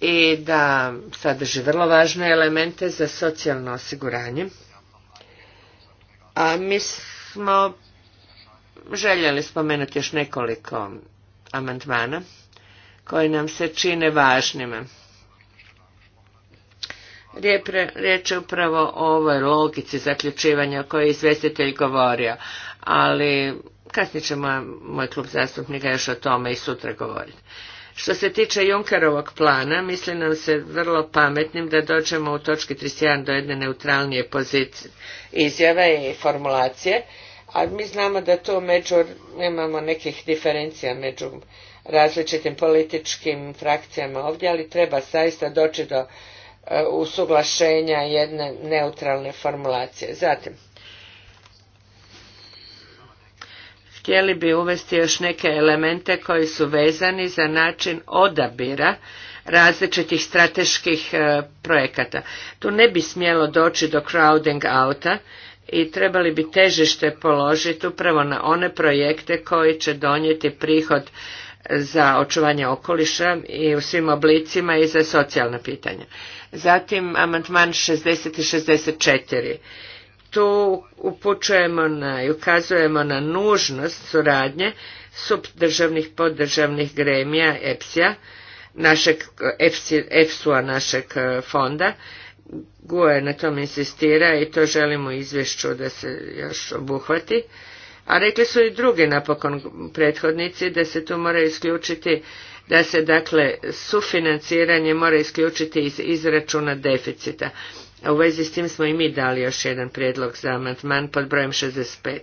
S3: i da sadrži vrlo važne elemente za socijalno osiguranje. A mi smo željeli spomenuti još nekoliko amandmana koji nam se čine važnima. Riječ je upravo o ovoj logici zaključivanja o kojoj je izvestitelj govorio, ali kasnije će moj klub zastupnika još o tome i sutra govoriti. Što se tiče Junkerovog plana, misli nam se vrlo pametnim da dođemo u točki 31 do jedne neutralnije pozicije izjave i formulacije, a mi znamo da tu među, imamo nekih diferencija među različitim političkim frakcijama ovdje, ali treba saista doći do e, usuglašenja jedne neutralne formulacije. Zatim, htjeli bi uvesti još neke elemente koji su vezani za način odabira različitih strateških e, projekata. Tu ne bi smjelo doći do crowding outa i trebali bi težište položiti upravo na one projekte koji će donijeti prihod za očuvanje okoliša i u svim oblicima i za socijalna pitanja. Zatim amandman 60 i 64 tu upućujemo na i ukazujemo na nužnost suradnje subdržavnih poddržavnih gremija EPSI-a, našeg našeg e, fonda. GUE na tom insistira i to želimo izvješću da se još obuhvati. A rekli su i drugi napokon prethodnici da se tu mora isključiti da se dakle sufinanciranje mora isključiti iz izračuna deficita. U vezi s tim smo i mi dali još jedan prijedlog za amandman pod brojem 65.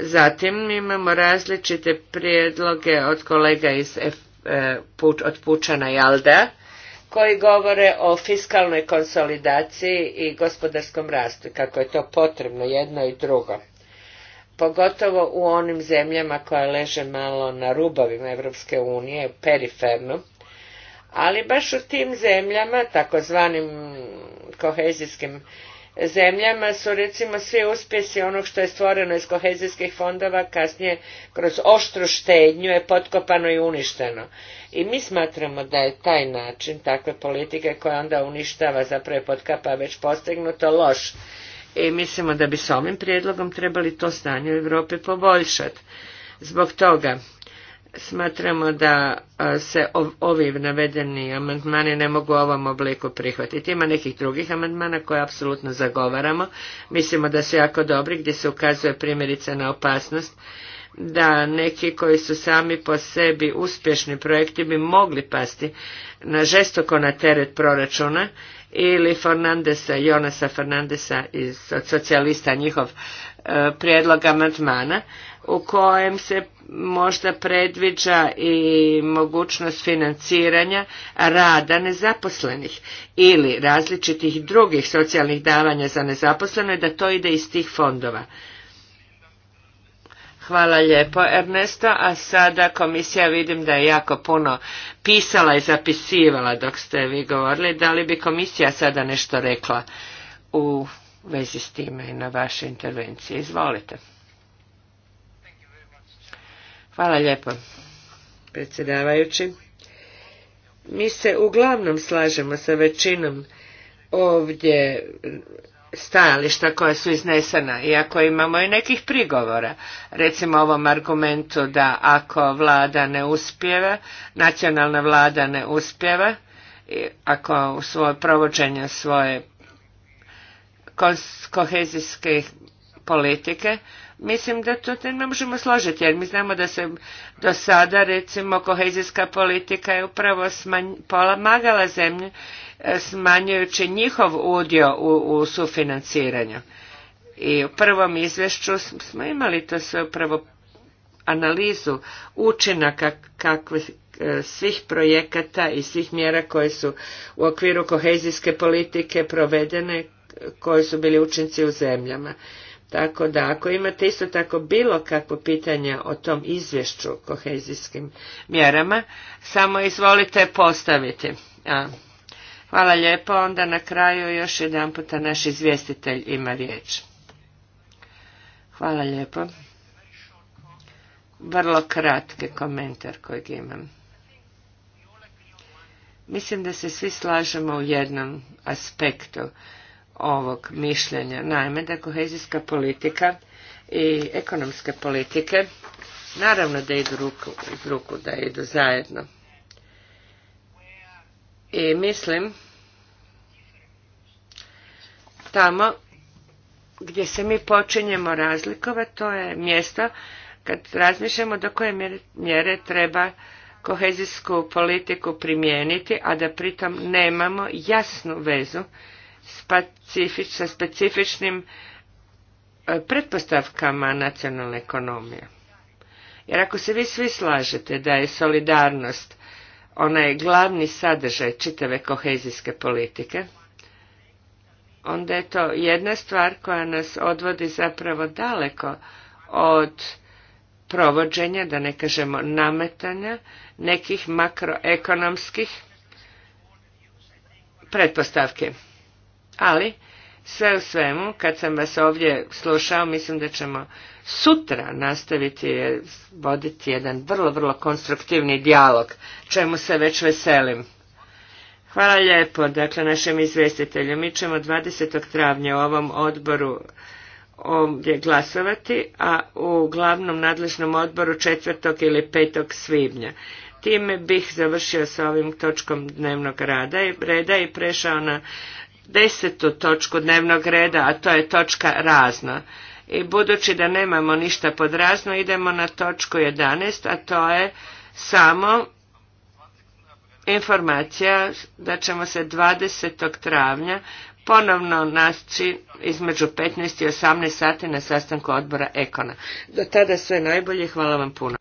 S3: Zatim imamo različite prijedloge od kolega iz F, eh, e, od Pučana i Alda koji govore o fiskalnoj konsolidaciji i gospodarskom rastu, kako je to potrebno jedno i drugo. Pogotovo u onim zemljama koje leže malo na rubovima Evropske unije, periferno, ali baš u tim zemljama, takozvanim kohezijskim zemljama su recimo svi uspjesi onog što je stvoreno iz kohezijskih fondova kasnije kroz oštru štednju je potkopano i uništeno. I mi smatramo da je taj način takve politike koja onda uništava zapravo je potkapa već postignuto loš. I mislimo da bi s ovim prijedlogom trebali to stanje u Europi poboljšati. Zbog toga Smatramo da se ovi navedeni amandmani ne mogu u ovom obliku prihvatiti. Ima nekih drugih amandmana koje apsolutno zagovaramo. Mislimo da su jako dobri gdje se ukazuje primjerice na opasnost da neki koji su sami po sebi uspješni projekti bi mogli pasti na žestoko na teret proračuna ili Fernandesa, Jonasa Fernandesa iz socijalista njihov e, prijedlog amandmana u kojem se možda predviđa i mogućnost financiranja rada nezaposlenih ili različitih drugih socijalnih davanja za nezaposlene, da to ide iz tih fondova. Hvala lijepo Ernesto, a sada komisija vidim da je jako puno pisala i zapisivala dok ste vi govorili. Da li bi komisija sada nešto rekla u vezi s time i na vaše intervencije? Izvolite. Hvala lijepo, predsjedavajući. Mi se uglavnom slažemo sa većinom ovdje stajališta koja su iznesena, iako imamo i nekih prigovora. Recimo ovom argumentu da ako vlada ne uspjeva, nacionalna vlada ne uspjeva, ako u svoje provođenje svoje kohezijske politike, Mislim da to ne možemo složiti, jer mi znamo da se do sada, recimo, kohezijska politika je upravo pomagala zemlju, zemlje, smanjujući njihov udio u, u sufinanciranju. I u prvom izvješću smo imali to sve upravo analizu učinaka kakve, svih projekata i svih mjera koje su u okviru kohezijske politike provedene, koji su bili učinci u zemljama. Tako da ako imate isto tako bilo kakvo pitanja o tom izvješću kohezijskim mjerama, samo izvolite postaviti. Hvala lijepo, onda na kraju još jedan puta naš izvjestitelj ima riječ. Hvala lijepo. Vrlo kratki komentar kojeg imam. Mislim da se svi slažemo u jednom aspektu ovog mišljenja. Naime, da kohezijska politika i ekonomske politike naravno da idu ruku, ruku da idu zajedno. I mislim tamo gdje se mi počinjemo razlikovati, to je mjesto kad razmišljamo do koje mjere treba kohezijsku politiku primijeniti, a da pritom nemamo jasnu vezu sa specifičnim e, pretpostavkama nacionalne ekonomije. Jer ako se vi svi slažete da je solidarnost onaj glavni sadržaj čitave kohezijske politike, onda je to jedna stvar koja nas odvodi zapravo daleko od provođenja, da ne kažemo nametanja, nekih makroekonomskih pretpostavki. Ali, sve u svemu, kad sam vas ovdje slušao, mislim da ćemo sutra nastaviti voditi jedan vrlo, vrlo konstruktivni dijalog, čemu se već veselim. Hvala lijepo, dakle, našem izvjestitelju. Mi ćemo 20. travnja u ovom odboru ovdje glasovati, a u glavnom nadležnom odboru 4. ili 5. svibnja. Time bih završio sa ovim točkom dnevnog rada i reda i prešao na desetu točku dnevnog reda, a to je točka razno. I budući da nemamo ništa pod razno, idemo na točku 11, a to je samo informacija da ćemo se 20. travnja ponovno naći između 15 i 18 sati na sastanku odbora Ekona. Do tada sve najbolje, hvala vam puno.